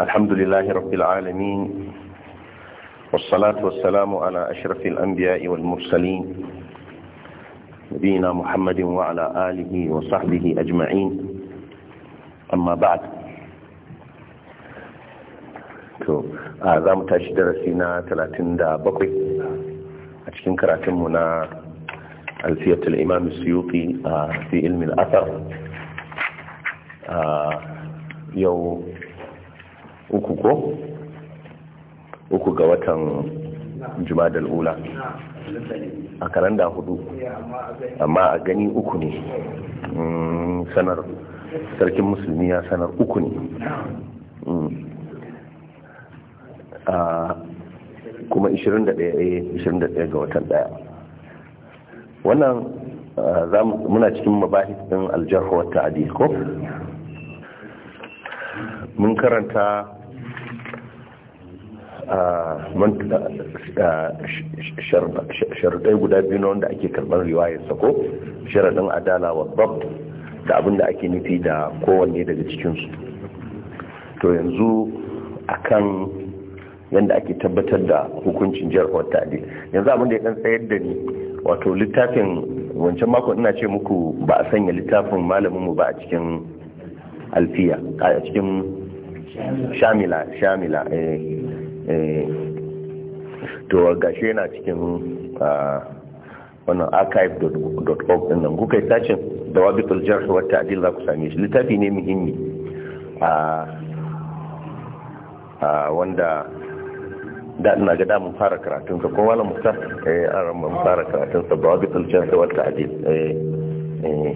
الحمد لله رب العالمين والصلاة والسلام على أشرف الأنبياء والمرسلين نبينا محمد وعلى آله وصحبه أجمعين أما بعد ثلاثين آه، دا بقي 37 كراتم كراتمنا ألفية الإمام السيوطي آه، في علم الأثر آه، يوم uku ko uku ga watan jumadal ula a karanda hudu amma a gani uku ne mm, sanar sarkin musulmi ya sanar uku ne mm. kuma 21 eh, ga watan daya wannan muna cikin mabahis din aljarhuwar ta'adi ko mun karanta sharuɗai guda biyu na wanda ake karɓar riwayar sako sharaɗin adala wa bab da abin da ake nufi da kowanne daga cikinsu to yanzu akan yadda ake tabbatar da hukuncin jihar wata yanzu abin da ya ɗan tsayar da ni wato littafin wancan makon ina ce muku ba a sanya littafin malaminmu ba a cikin alfiya a cikin shamila shamila eh Eh. to gashi yana cikin ah, wannan archive.org din nan kuka yi sacin da wabitul su wata adil za ku sami shi littafi ne muhimmi a ah, ah, wanda da ina gada mun fara karatun ka kuma wala muktar eh an ran mun fara karatun sa wabitul jarh wa wata adil eh, eh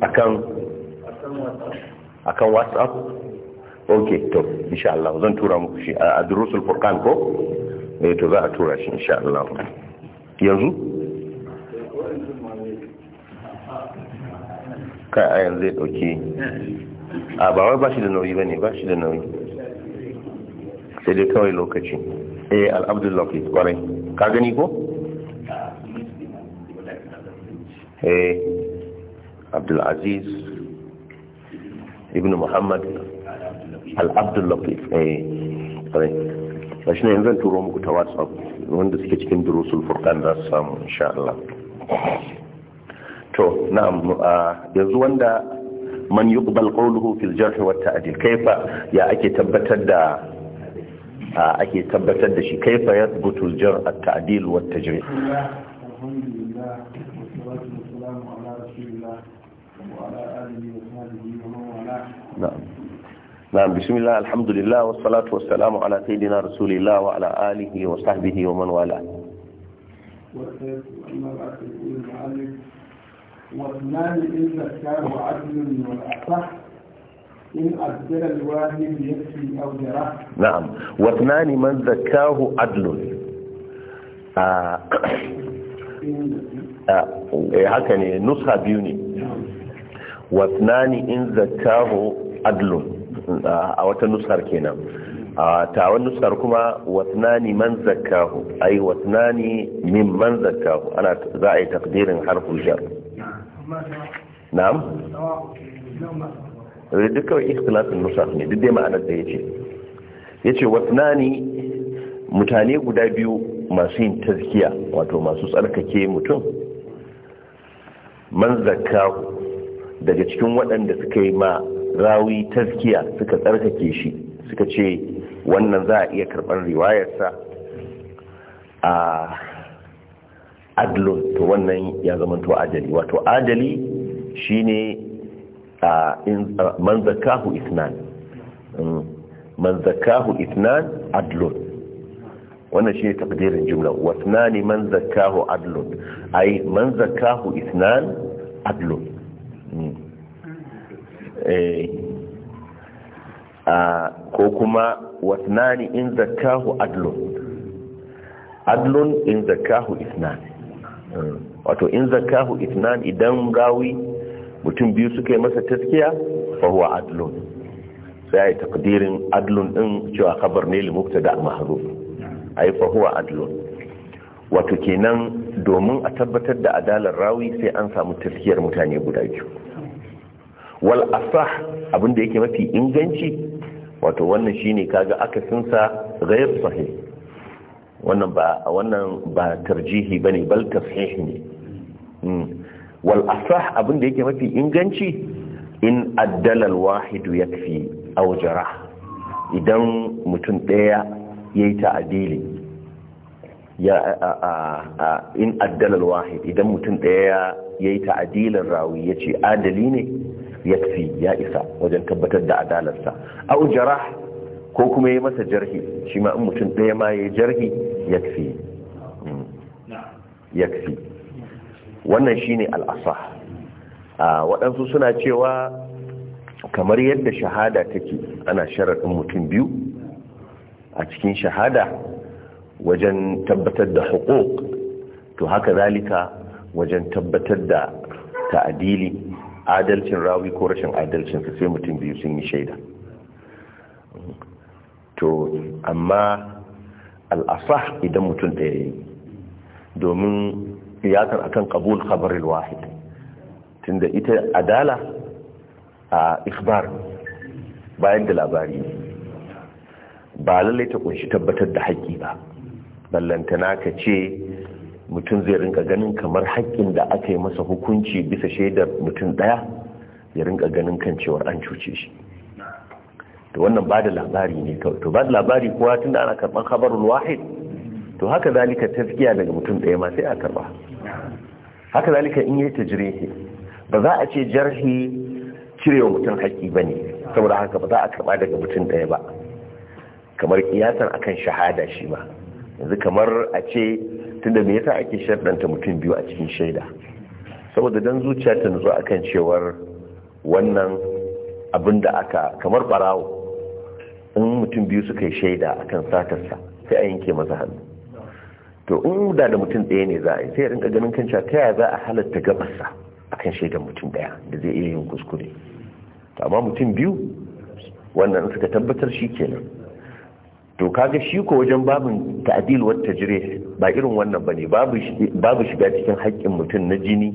akan akan whatsapp ok to insha Allah zan tura muku shi a durusul furkan ko eh to za a tura shi insha Allah yanzu kai a yanzu ya dauki a ba wai ba shi da nauyi bane ba shi da nauyi sai dai kawai lokaci eh al-abdullahi kwarai ka gani ko eh abdul ibn muhammad al-abdullatif eh shi ne zan turo muku ta whatsapp wanda suke cikin durusul furqan za su samu insha Allah to yanzu wanda man yi qawluhu fil jarh wa ta'dil kaifa ya ake tabbatar da ake tabbatar da shi kaifa yathbutu al jarh at ta'dil wa نعم بسم الله الحمد لله والصلاة والسلام على سيدنا رسول الله وعلى آله وصحبه ومن والاه واثنان إن ذكاه عدل والأصح إن أبدل الواهب يكفي أو جرح نعم واثنان من ذكاه عدل آه. haka آه، ne إيه، بيوني biyu ne wasnani in zakahu adlun a wata nusar kenan a tawon nusar kuma watnani man zakahu ai watnani min man zakahu ana za a yi takdirin harfin jar na'am eh, kawai ikhtilafin nusar ne duk dai ma'anar da yace yace watnani mutane guda biyu masu yin tazkiya wato masu tsarkake mutum man zakahu daga cikin waɗanda suka yi ma rawi taskiya suka tsarkake shi suka ce wannan za a iya karɓar riwayarsa a adlun to wannan ya zama to ajali wato ajali shine a man zakahu isnan mm, man zakahu isnan adlun wannan shine takdirin jumla wasnani man zakahu adlun ai man zakahu isnan adlun Eh. Ah, ko kuma wasnani in zakahu adlun adlun in zakahu isnan hmm. wato in zakahu isnan idan rawi mutum biyu suka yi masa taskiya fa huwa adlun sai ya takdirin adlun din cewa khabar ne li mubtada mahdhuf ai fa huwa adlun wato kenan domin a tabbatar da adalar rawi sai an samu taskiyar mutane guda biyu wal asah abin da yake mafi inganci wato wannan shine kaga aka akasinsa ghayr sahih wannan ba wannan ba tarjihi bane bal tasih ne hmm. wal asah abin da yake mafi inganci in addala al wahid yakfi aw jarah idan mutum daya yayi ta'dili ya in addala al wahid idan mutum daya yayi ta'dilin rawi yace adali ne yakfi ya isa wajen tabbatar da adalarsa au jarah ko kuma ya masa jarhi shi ma in mutum ɗaya ma ya jarhi yakfi hmm. yakfi wannan shine al'asa waɗansu suna cewa kamar yadda shahada take ana sharaɗin mutum biyu a cikin shahada wajen tabbatar da hukuk to haka zalika wajen tabbatar da ta'adili adalcin rawi ko rashin adalcin sai mutum biyu sun yi shaida to amma al'asah idan mutum ɗaya yi domin fiyatar akan kabul khabaril wahid tunda ita adala a ikhbar bayan da labari ba lalai ta kunshi tabbatar da haƙƙi ba ballantana ka ce mutum zai rinka ganin kamar haƙƙin da aka yi masa hukunci bisa shaidar mutum ɗaya ya rinka ganin kan cewar an cuce shi to wannan ba da labari ne kawai to ba da labari kuwa tun da ana karɓar habarul wahid to haka zalika taskiya daga mutum ɗaya ma sai a karɓa haka zalika in yi tajrihi ba za a ce jarhi cirewa mutum haƙƙi ba ne saboda haka ba za a karɓa daga mutum ɗaya ba kamar kiyasan akan shahada shi ba yanzu kamar a ce tunda me yasa ake sharɗanta mutum biyu a cikin shaida saboda dan zuciya ta nutsu akan cewar wannan abin da aka kamar barawo in mutum biyu suka yi shaida akan satarsa sai a yanke masa hannu to in da da mutum ɗaya ne za a yi sai rinka ganin kanca ta yaya za a halatta gabasa akan shaidan mutum ɗaya da zai iya yin kuskure amma mutum biyu wannan suka tabbatar shi kenan to kaga shi ko wajen babin ta'dil wa tajrih ba irin wannan bane babu babu shiga cikin haƙƙin mutum na jini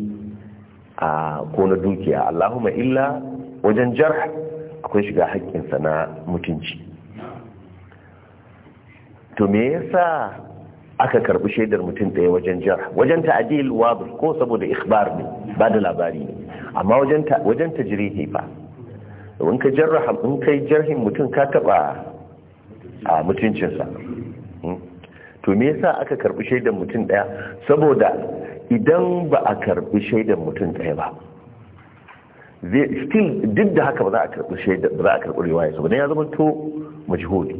a ko na dukiya Allahumma illa wajen jarh akwai shiga sa na mutunci to me yasa aka karbi shaidar mutum ɗaya wajen jar wajen ta'adil ko saboda ikhbar ne ba da labari ne amma wajen wajen tajrihi ba in ka jarraha in kai jarhin mutum ka taba a mutuncinsa hmm? to me yasa aka karbi shaidar mutum daya saboda idan ba a karbi shaidar mutum daya ba still duk da haka ba za a karbi shaidan ba za a karbi riwaya saboda ya zama to majhuli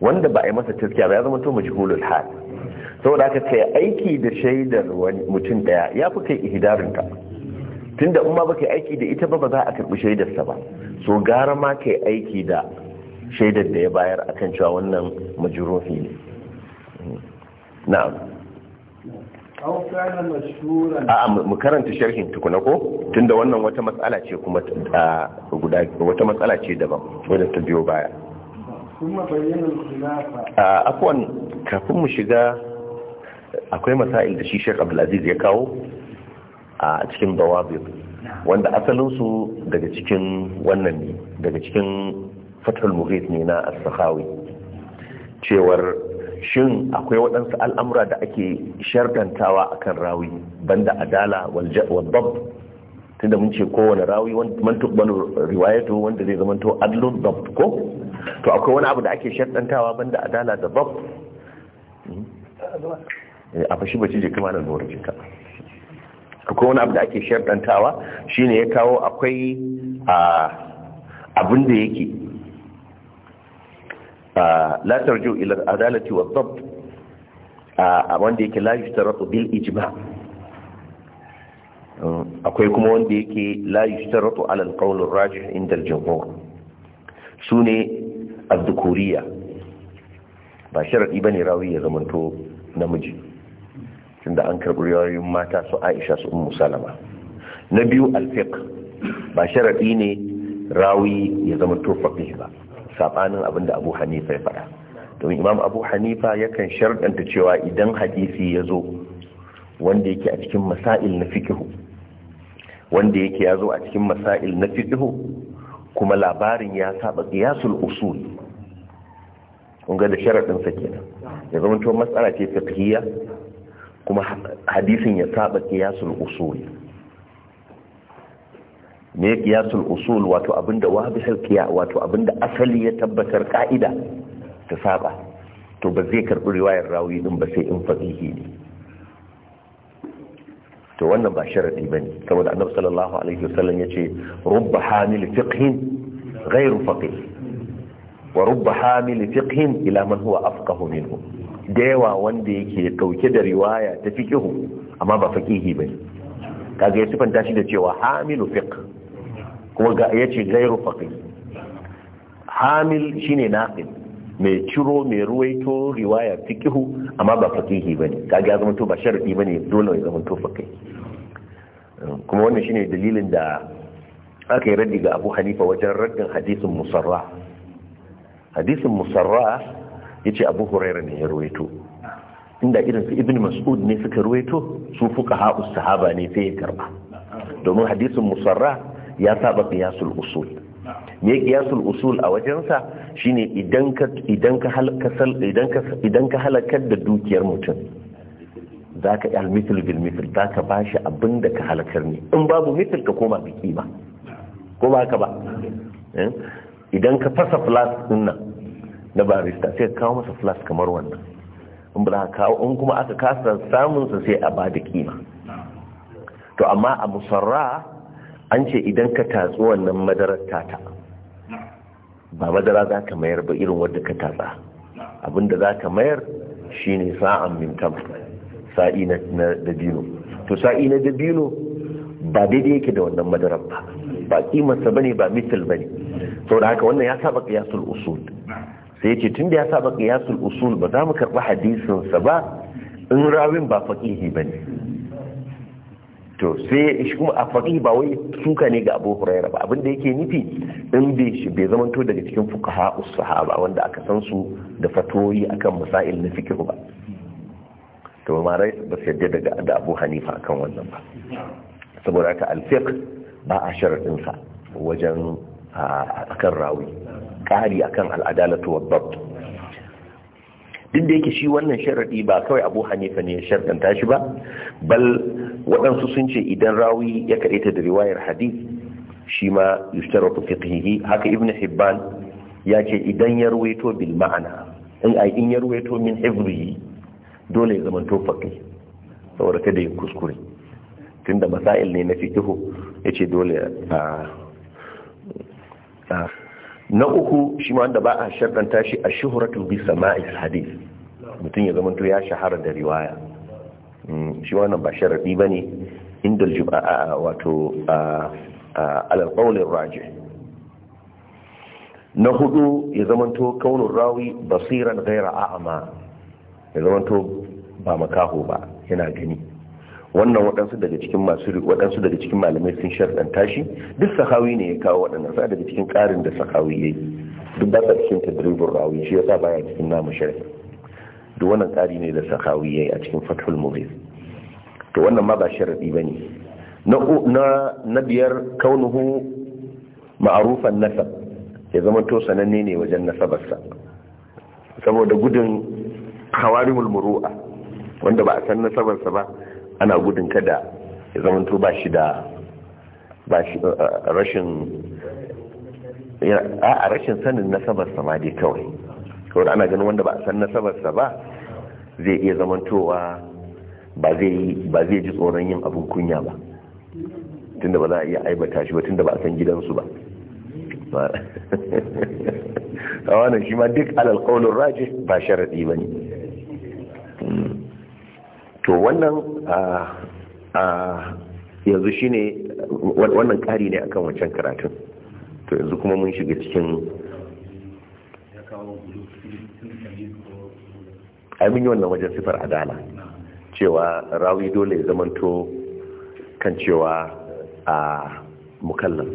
wanda ba a yi masa taskiya ba ya zama to majhulul hal saboda aka ce aiki da shaidar mutum daya ya fi kai ka tunda in ma baka aiki da ita ba ba za a karbi shaidarsa ba so gara ma kai aiki da shaidar da ya bayar a kan cewa wannan majruhi ne na'am a mu karanta sharhin tukuna ko tunda wannan wata matsala ce kuma guda wata matsala ce daban wadda ta biyo baya a akwai kafin mu shiga akwai masail da shi Sheikh Abdulaziz ya kawo a cikin bawabin, wanda asalinsu daga cikin wannan ne daga cikin fatul mughith ne na as-sakhawi cewar shin akwai waɗansu al'amura da ake shartantawa akan rawi banda adala wal dab tunda mun ce kowane rawi man tuqbalu riwayatu wanda zai zama to adlun dab ko to akwai wani abu da ake shartantawa banda adala da dab eh, a fashi bace je kuma nan gore ka akwai wani abu da ake shartantawa shine ya kawo akwai ah, abin da yake la tarju ila adalati wa dhabt a wanda yake la yushtaratu bil ijma akwai kuma wanda yake la yushtaratu ala al-qawl ar-rajih inda al-jumhur sune az-zukuriyya ba sharadi bane rawi ya zamanto namiji tunda an karbi rawayoyin mata su Aisha su Ummu Salama na biyu al-fiqh ba sharadi ne rawi ya zamanto faqih ba sabanin abin da abu hanifa ya faɗa domin imam abu hanifa yakan sharɗanta cewa idan hadisi ya zo wanda yake a cikin masail na fikihu wanda yake ya zo a cikin masail na fikihu kuma labarin ya saba qiyasul usul kun ga da sharaɗin sa kenan ya zama to matsala ce fiqhiyya kuma hadisin ya saba qiyasul usul ne kiyasul usul wato abinda wabihul halkiya wato abinda asali ya tabbatar ka'ida ta saba to ba zai karbi riwayar rawi din ba sai in fadihi ne to wannan ba sharadi bane saboda annabi sallallahu alaihi wasallam yace rubba hamil fiqhin ghairu faqih wa rubba hamil fiqhin ila man huwa afqahu minhu da yawa wanda yake dauke da riwaya ta fiqihu amma ba faqihi bane kaga ya sifanta shi da cewa hamilu fiqh kuma ga ya ce gairu faƙin hamil shine naƙin mai ciro mai ruwaito riwaya kihu amma ba ba bane kaga ya zama to ba ba bane dole ya zama to faqih kuma wannan shine dalilin da aka yi raddi ga Abu Hanifa wajen raddin hadisin Musarra hadisin Musarra yace Abu huraira ne ya ruwaito inda irin su Ibn Mas'ud ne suka ruwaito su fuka ha'us sahaba ne sai ya karba domin hadisin Musarra ya saba qiyasul usul me qiyasul usul a wajensa shine idan ka idan ka idan ka halakar da dukiyar mutum zaka yi almithil bil mithl zaka bashi abinda ka halakar ne in babu mithl ka koma biki ba ko ba ka ba eh? idan ka fasa flask din na barista sai ka kawo masa flask kamar wannan in ba kawo in kuma aka kasa samun sai a bada kima to amma a musarra an ce idan ka tatsi wannan madarar tata ba madara za ka mayar ba irin wadda ka tatsa abinda za ka mayar shine sa'an mintam sa'i na dabino to sa'i na dabino ba daidai yake da wannan madarar ba ba kimarsa ne, ba misal Sau da haka wannan ya saba kiyasul usul sai ce tunda ya saba kiyasul usul ba za mu karɓi hadisinsa ba in rawin ba ba ne. to sai shi kuma a faƙi ba wai suka ne ga abu huraira ba abinda yake nufi in bai shi bai zamanto daga cikin fukaha sahaba wanda aka san su da fatoyi akan masail na fikir ba to marai ba su yadda daga da abu hanifa akan wannan ba saboda haka alfiq ba a sharaɗin sa wajen akan rawi ƙari akan al'adalatu wa babu duk da yake shi wannan sharaɗi ba kawai abu hanifa ne ya shardanta shi ba bal waɗansu sun ce idan rawi ya ta da riwayar hadith shi ma yushtaratu fiqhihi haka ibn hibban ya ce idan ya ruwaito bil ma'ana in ai in ya ruwaito min hifzihi dole ya zamanto faqih saboda kada ya kuskure tunda masail ne na fiqhu yace dole a na uku shi ma wanda ba a shaddanta shi a shuhuratu bi sama'is hadith mutum ya zamanto ya shahara da riwaya mm, shi wannan ba sharadi bane inda al wato alal qawl na hudu ya zamanto kaunun rawi basiran ghaira a'ma ya zamanto ba makaho ba yana gani wannan waɗansu daga cikin masu waɗansu daga cikin malamai sun sharɗanta shi duk sahawi ne ya kawo waɗannan sa daga cikin ƙarin da sahawi ya yi duk ba sa cikin tadribin rawi shi ya yasa baya cikin namu sharhi duk wannan ƙari ne da sahawi ya yi a cikin fathul mubin to wannan ma ba sharaɗi ba ne na biyar kaunuhu ma'arufan nasab ya zama to sananne ne wajen nasabarsa saboda gudun hawarimul muru'a wanda ba a san nasabarsa ba ana gudun kada ya zamanto ba shi da ba shi eh, eh, rashin a rashin sanin nasabarsa ma dai kawai kawai ana ganin wanda ba a san nasabarsa ba zai iya zamantowa ba zai ji tsoron yin abin kunya ba tunda ba za a iya aibata shi ba tunda ba a san gidansu ba a wannan shi ma duk alalƙaunin rajin ba sharaɗi ba ne hmm. to wannan yanzu shi ne wannan ƙari ne akan wancan karatun to yanzu kuma mun shiga cikin abin yi wannan wajen sifar adala cewa rawi dole ya zamanto kan cewa a mukallaf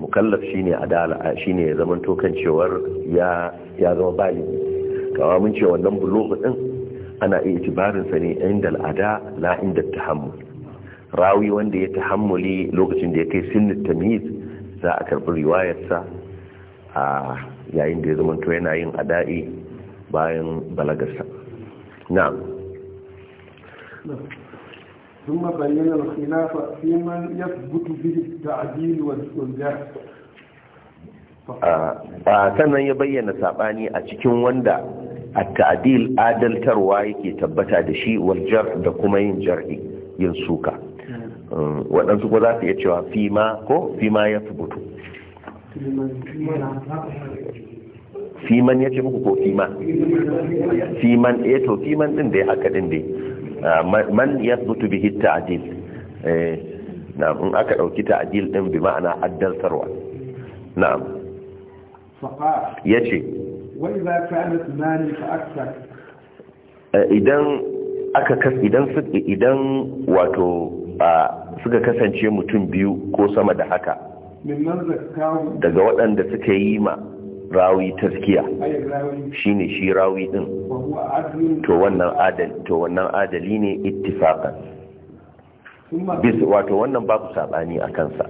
mukallaf shine adala shine ya zamanto kan cewar ya zama balibi kawai mun ce wannan bulogu din ana iya itibarinsa ne inda al'ada la inda tahammul rawi wanda ya tahammuli lokacin da ya kai sinnin tamiz za a karɓi riwayarsa a yayin da ya zama to yana yin ada'i bayan balagarsa na'am ثم بين الخلاف في من يثبت به التعديل والجهل sannan ya bayyana saɓani a cikin wanda at-ta'dil adaltarwa yake tabbata da shi wal jar da kuma yin jar'i yin suka waɗansu ko za su iya cewa fima ko fima ya fubutu fiman ya ce muku ko fima fiman eh to fiman din da ya haka din dai man ya fubutu bihi ta'dil Na in aka ɗauki ta'adil din bi ma'ana adaltarwa. na'am ya ce Eh, idan aka kas idan idan wato suka kasance mutum biyu ko sama da haka daga waɗanda suka yi ma rawi taskiya shine shi rawi din to wannan adali to wannan adali ne ittifaqan bis wato wannan babu sabani akan sa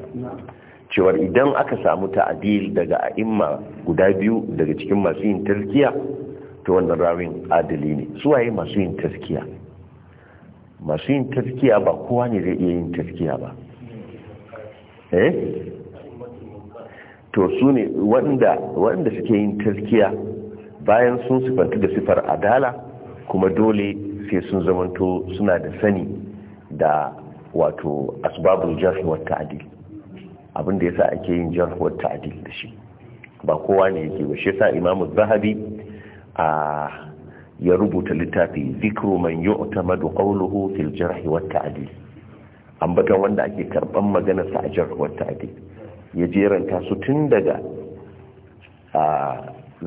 cewar idan aka samu ta'adil daga a'imma guda biyu daga cikin masu yin taskiya to wannan rawin adali ne suwaye masu yin taskiya masu yin taskiya ba kowa ne zai iya yin taskiya ba eh to su ne waɗanda suke yin taskiya bayan sun sifanta da sifar adala kuma dole sai sun zamanto suna da sani da wato asbabul jafi wa ta'adil abin da yasa ake yin jarhuwar ta'adi da shi ba kowa ne yake ba shi yasa imamu zahabi a ya rubuta littafi zikru man yu'tamadu qawluhu fil jarh wa ta'dil wanda ake karban magana sa a jarh wa ta'dil ya jeranta su tun daga a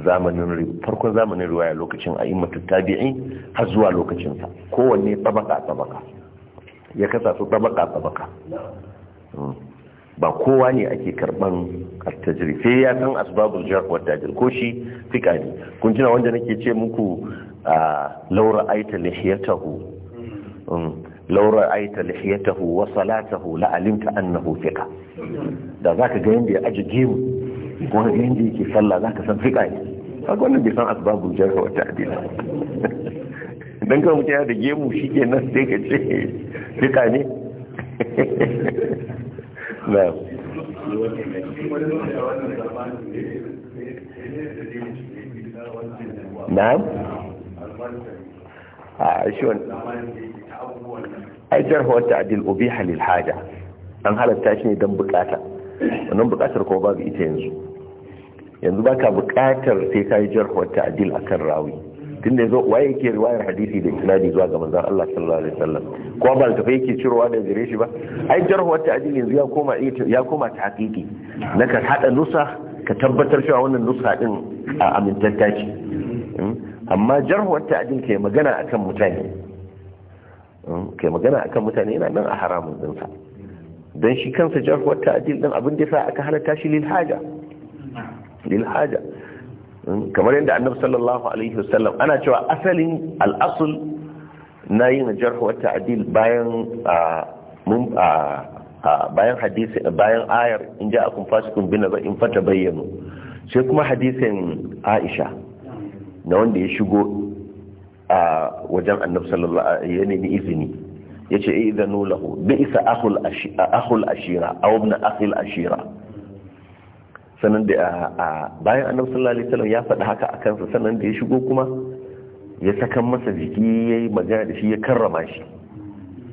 zamanin farkon zamanin riwaya lokacin a'immatu tabi'i har zuwa lokacin sa kowanne tabaka tabaka ya kasa su tabaka tabaka hmm. ba kowa ne ake karban attajiri sai ya san asbabul jar wa tajir ko shi fika ne kun tuna wanda nake ce muku a ah, laura aita lihiyatahu mm. laura aita lihiyatahu wa salatahu la alimta annahu fika da zaka ga yanda ya aji gemu ko yanda yake sallah zaka san fika ne a wannan bai san asbabul jar wa tajir dan kan mutum da gemu shikenan sai ka ce fika ne na a wani ai jarha wata adil an halatta shi ne don bukata wannan bukatar kuma babu ita yanzu yanzu baka bukatar sai ka yi jarha wata adil akan rawi tunda waye yake riwayar hadisi da isnadi zuwa ga manzan Allah sallallahu alaihi wasallam ko ba da yake cirowa da gare shi ba ai jarhu wata ajili yanzu ya koma ya koma ta hakiki na ka hada nusa ka tabbatar cewa wannan nusa din a amintatta ce hmm? amma jarhu wata ajili kai magana akan mutane hmm? kai magana akan mutane yana nan a haramun dinsa don shi kansa jarhu wata ajili din abin da yasa aka halatta shi lil haja lil haja hmm? kamar yadda annabi sallallahu alaihi wasallam ana cewa asalin al-asl na yi na jarhu wata ta'dil bayan mun bayan hadisi bayan ayar in ja akum fasikun nazar in fata bayyano sai kuma hadisin Aisha na wanda ya shigo a wajen annabi sallallahu alaihi ya nemi izini yace eh, idanu lahu bi isa akhul akhul ashira aw ibn akhil ashira sanan da bayan annabi sallallahu alaihi wasallam ya faɗi haka akan kansa sanan da ya shigo kuma ya sakan masa jiki ya yi magana da shi ya karrama shi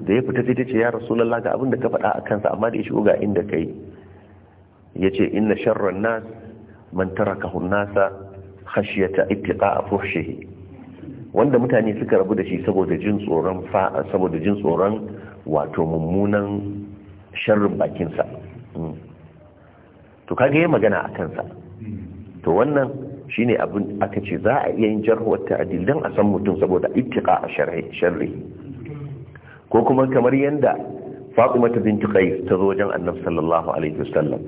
da ya fita sai ta ce ya rasulallah ga abinda ka faɗa a kansa amma da ya shigo ga inda ka yi ya ce inna sharran nas man tarakahun nasa khashiyata ittiqa a fuhshihi wanda mutane suka rabu da shi saboda jin tsoron fa'a saboda jin tsoron wato mummunan sharrin bakinsa hmm. to kaga magana a kansa hmm. to wannan shine abin aka ce za a iya yin jarhuwar ta'adil don a san mutum saboda ittiqa a sharri ko kuma kamar yadda Fatima ta binti Qais ta zo wajen Annabi sallallahu alaihi wasallam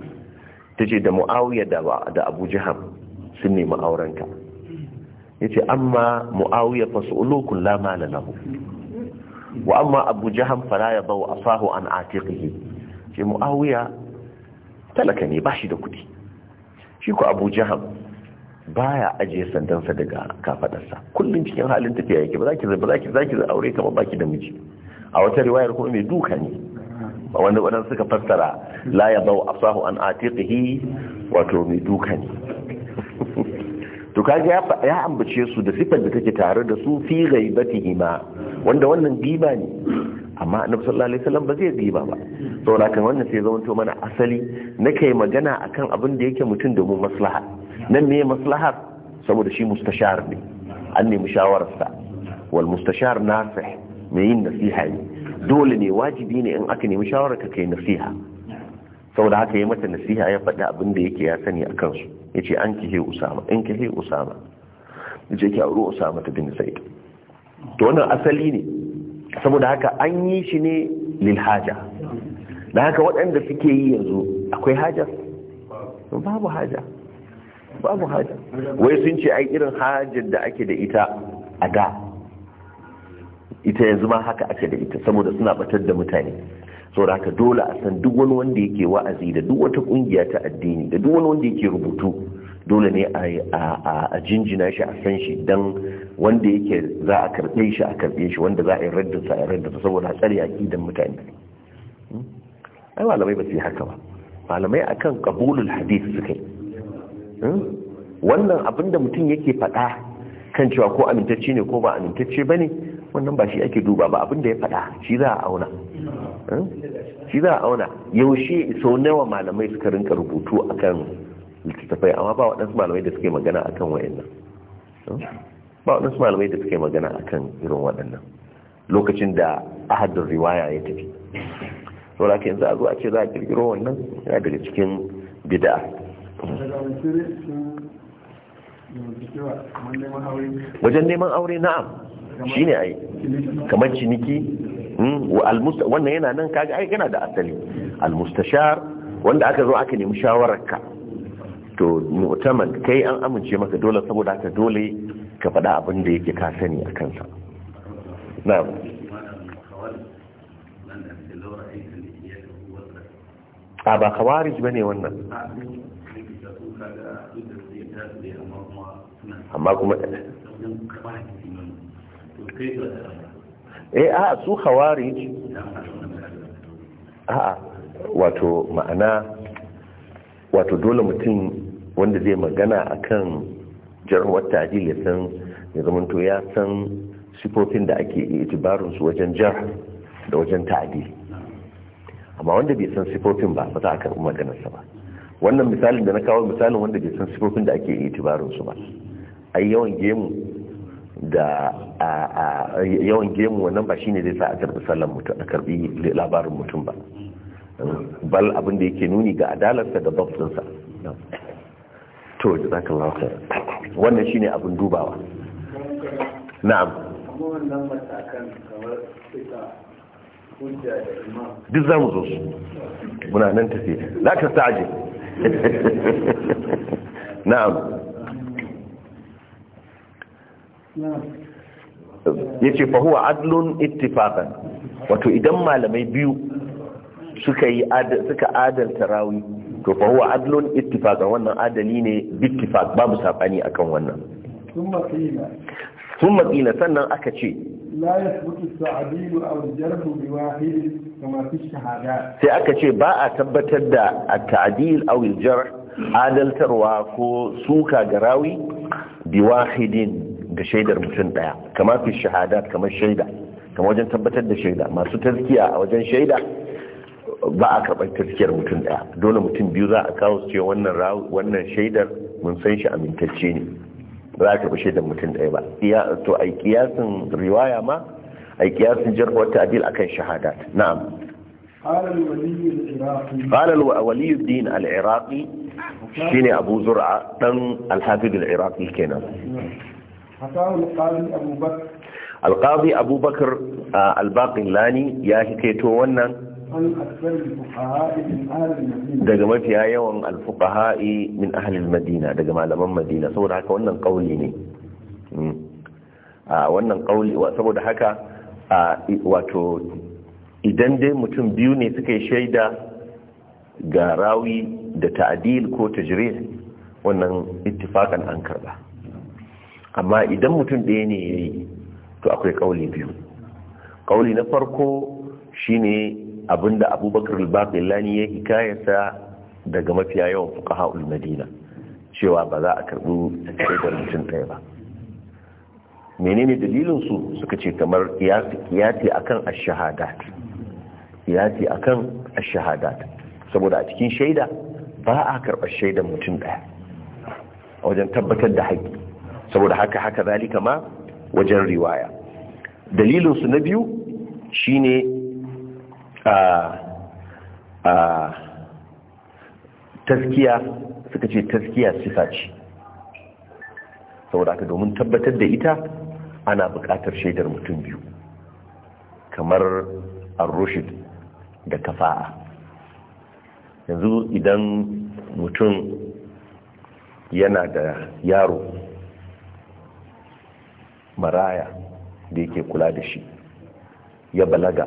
tace da Muawiya da da Abu sun nemi Ya yace amma Muawiya fasulu lama ma lahu wa amma Abu Jahal ya bau asahu an atiqihi ce Muawiya talaka ne bashi da kudi shi ko Abu baya ajiye sandansa daga kafadarsa kullum cikin halin tafiya yake ba za ki ba za ki za aure kamar baki da miji a wata riwayar kuma mai duka ne wanda wadanda suka fassara la ya bau sahu an atiqihi wato mai duka ne to kaga ya ambace su da sifar da take tare da su fi ghaibatihima wanda wannan giba ne amma annabi sallallahu alaihi wasallam ba zai giba ba saboda kan wannan sai to mana asali na kai magana akan abin da yake mutum mu maslaha nan ne maslahar saboda shi mustashar ne an nemi shawararsa wal mustashar nasih mai yin nasiha ne dole ne wajibi ne in aka nemi shawarar ka kai nasiha saboda haka yi mata nasiha ya faɗi abin da yake ya sani a kansu ya ce an kihe usama in kihe usama ya ce ki auro usama ta bin sa'id to wannan asali ne saboda haka an yi shi ne lil haja da haka waɗanda suke yi yanzu akwai haja babu haja babu wai sun ce ai irin hajar da ake da ita a da ita yanzu ma haka ake da ita saboda suna batar da mutane saboda haka dole a san duk wani wanda yake wa'azi da duk wata kungiya ta addini da duk wani wanda yake rubutu dole ne a jinjina shi a san shi don wanda yake za a karɓe shi a karɓe shi wanda za a yi raddin sa a raddin sa saboda tsari aqidan mutane hmm? ai malamai ba su yi haka ba malamai akan kabulul hadith suka yi Hmm? wannan abin da mutum yake faɗa kan cewa ko amintacce ne ko ba amintacce ba ne wannan ba shi ake duba ba abin da ya faɗa shi za a auna hmm? shi za a auna yaushe sau nawa malamai suka rinka rubutu akan littattafai amma ba waɗansu malamai da suke magana akan wayannan hmm? ba waɗansu malamai da suke magana kan irin waɗannan lokacin da ahadin riwaya ya tafi saboda yanzu a zo a ce za a kirkiro wannan ya daga cikin bid'a wajen neman aure na'am shi ne ai kamar ciniki hmm, wannan yana nan kaga ai gana da asali almustashar wanda aka zo aka nemi shawararka to mu'taman kai an amince maka dole saboda haka dole ka faɗa abin da yake ka sani a kansa na'am a ba kawarij ne wannan amma kuma eh a su khawarij a wato ma'ana wato dole mutum wanda zai magana akan jarhuwar ta'dil ya san ya to ya san sifofin da ake itibarin su wajen jar da wajen ta'adi amma wanda bai san sifofin ba ba za a karɓi maganarsa ba wannan misalin da na kawo misalin wanda bai san sifofin da ake itibarin su ba ai yawan gemu da a yawan gemu wannan ba shine zai sa a karbi sallan mutum a karbi labarin mutum ba bal abin da yake nuni ga adalarsa da babbinsa to zaka lafa wannan shine abin dubawa na'am duk za mu zo su muna nan tafiya la ta ta'ajil na'am ya ce fahuwa adlun ittifakan wato idan malamai biyu suka yi suka adalta rawi to fahuwa adlun ittifakan wannan adali ne bittifak babu sabani akan wannan sun matsina sannan aka ce sai aka ce ba a tabbatar da a ta'adil awil jar adaltarwa ko suka ga rawi biwahidin ga shaidar mutum daya kamar fi shahadat kamar shaida kamar wajen tabbatar da shaida masu tazkiya a wajen shaida ba a karɓar tazkiyar mutum daya dole mutum biyu za a kawo su ce wannan shaidar mun san shi amintacce ne ba za a karɓi shaidar mutum daya ba to a kiyasin riwaya ma a kiyasin jarfa wata adil akan shahadat na'am قال الولي العراقي قال الولي الدين العراقي شيني أبو زرعة تن الحافظ العراقي كنا alƙazi abubakar albaƙillani ya hikaito wannan daga mafiya yawan alfuqaha'i min ahalin madina daga malaman madina saboda haka wannan ƙauli ne hmm. wannan ƙauli saboda haka wato idan dai mutum biyu ne suka yi shaida ga rawi da ta'adil ko tajrih wannan ittifakan an karba amma idan mutum ɗaya ne ya yi to akwai ƙauli biyu ƙauli na farko shine abinda abubakar al-baqillani ya hikayata daga mafiya yawan fuqaha madina cewa ba za a karɓi shaidar mutum ɗaya ba menene dalilin su suka ce kamar kiyati akan ash-shahadat akan ash saboda a cikin shaida ba a karɓar shaidar mutum ɗaya wajen tabbatar da haƙƙi saboda haka haka zalika ma wajen riwaya dalilinsu na biyu shine a a taskiya suka ce taskiya sifa ce saboda haka domin tabbatar da ita ana buƙatar shaidar mutum biyu kamar al da kafa'a yanzu idan mutum yana da yaro maraya da yake kula da shi ya balaga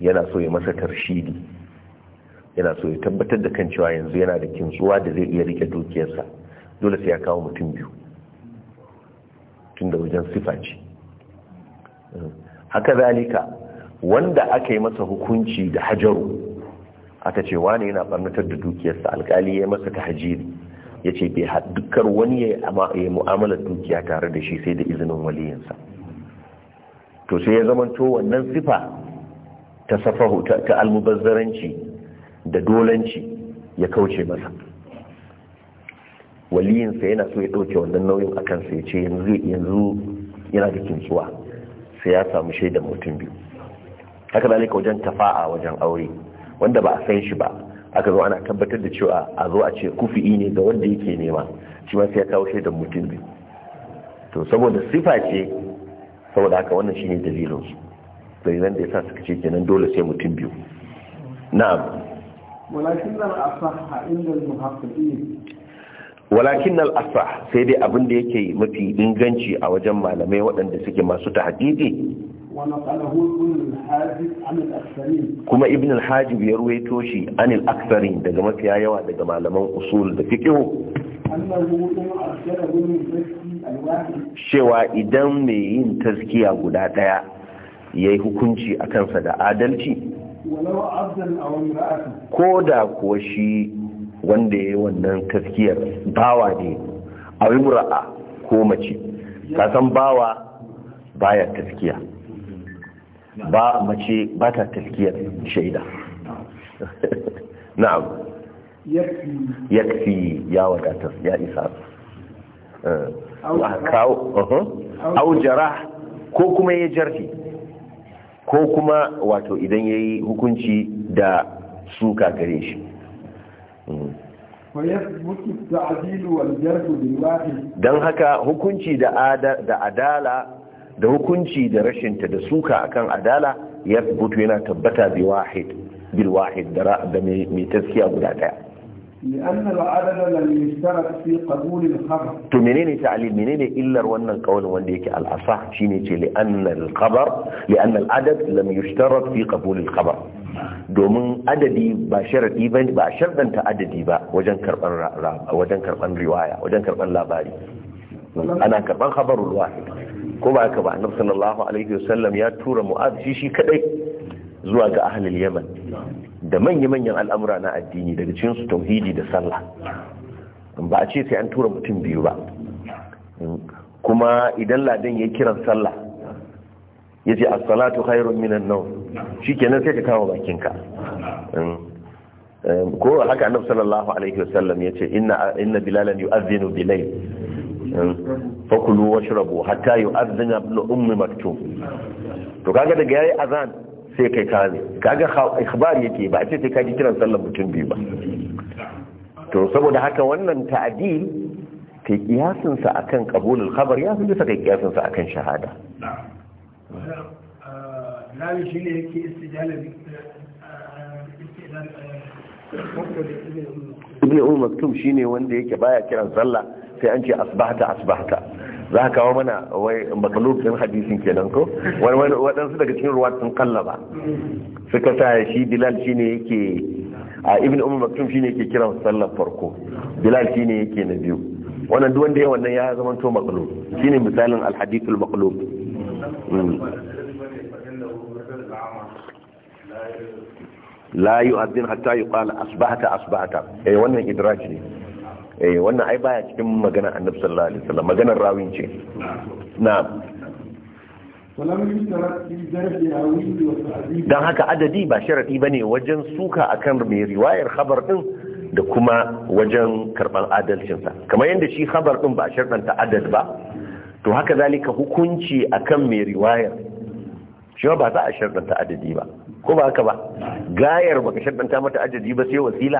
yana so ya masa tarshidi yana so ya tabbatar da kan cewa yanzu yana da kintsuwa da zai iya rike dukiyarsa dole sai ya kawo mutum biyu tun da wajen sifa ce haka zalika wanda aka yi masa hukunci da hajaru aka ce wane yana barnatar da dukiyarsa alkali ya masa ta hajiri ya ce bai haddukar wani ya yi mu'amalar dukiya tare da shi sai da izinin waliyinsa to sai ya zama to wannan sifa ta safahu ta almubazzaranci da dolanci ya kauce masa waliyinsa yana so ya ɗauke wannan nauyin a kansa ya ce yanzu yana da kintsuwa sai ya samu shaidan mutum biyu haka zalika wajen tafa'a wajen aure wanda ba a san shi ba aka zo ana tabbatar da cewa a zo a ce kufi'i ne ga wanda yake nema shi ma sai ya kawo shaidan mutum biyu to saboda sifa ce saboda haka wannan shine dalilin su dalilan da yasa suka ce kenan dole sai mutum biyu na'am walakin nan asah inda muhaqqiqin walakin al asah sai dai abin da yake mafi inganci a wajen malamai waɗanda suke masu tahqiqi kuma ibn al-hajib ya ruwaito shi an al daga mafiya yawa daga malaman usul da fiqh cewa idan mai yin taskiya guda daya yayi hukunci a kansa da adalci ko da kuwa shi wanda ya yi wannan taskiyar bawa ne a ko mace kasan bawa baya taskiya ba mace ba ta tafkiyar shaida na'am yakfi ya wadatar ya isa au uh-huh. jara ko kuma ya jarfi ko kuma wato idan ya yi hukunci da suka gare shi mm. don haka hukunci da adala da hukunci da rashinta da suka akan adala ya butu yana tabbata bi wahid bil wahid da mai taskiya guda daya لأن العدد لم يشترك في قبول الخبر تو منين منين إلا wannan قول wanda yake al'asa shine ce لأن الخبر لأن العدد لم يشترك في قبول الخبر domin adadi ba sharadi ba ba sharadanta adadi ba wajen karban wajen karban riwaya wajen karban labari ana karban khabarul wahid ko ba ka ba annabi sallallahu alaihi wasallam ya tura mu'adh shi shi kadai zuwa ga ahlul yaman da manya-manyan al'amura na addini daga cikin su tauhidi da sallah ba a ce sai an tura mutum biyu ba kuma idan ladan ya kiran sallah ya ce salatu khairun minan nau shi kenan sai ka kawo bakinka ko haka annabi sallallahu alaihi wasallam ya ce inna bilalan yu'adhdhinu bilayl Hmm? fakulu washrabu hatta yu'adhdhana ibn umu maktum to kaga daga yayi azan sai kai kane kaga ikhbar yake ba a ce sai ka ji kiran sallar mutum biyu ba to saboda haka wannan ta'dil kai kiyasin sa akan qabulul khabar ya fi bisa kai kiyasin sa akan shahada rami shi ne yake istijalabi eh, eh, ibn umar maktum ne wanda yake baya kiran sallah sai an ce asbahta asbahta za ka kawo mana wai makalubin hadisin kenan ko waɗansu daga cikin ruwa sun kallaba suka sa shi bilal yake a ibn umar maktum shi yake kiran sallar farko bilal yake na biyu wannan duk wanda ya wannan ya zama to misalin alhadithul la yu'adhin hatta yuqala eh wannan idraj ne eh wannan ai baya cikin magana annabi sallallahu alaihi wasallam maganar rawin ce na'am dan haka adadi ba sharadi bane wajen suka akan mai riwayar khabar din da kuma wajen karban adalcinsa kamar yadda shi khabar din ba ta adad ba to haka zalika hukunci akan mai riwayar shi ba za a ta adadi ba ko ba haka ba gayar baka ta mata adadi ba sai wasila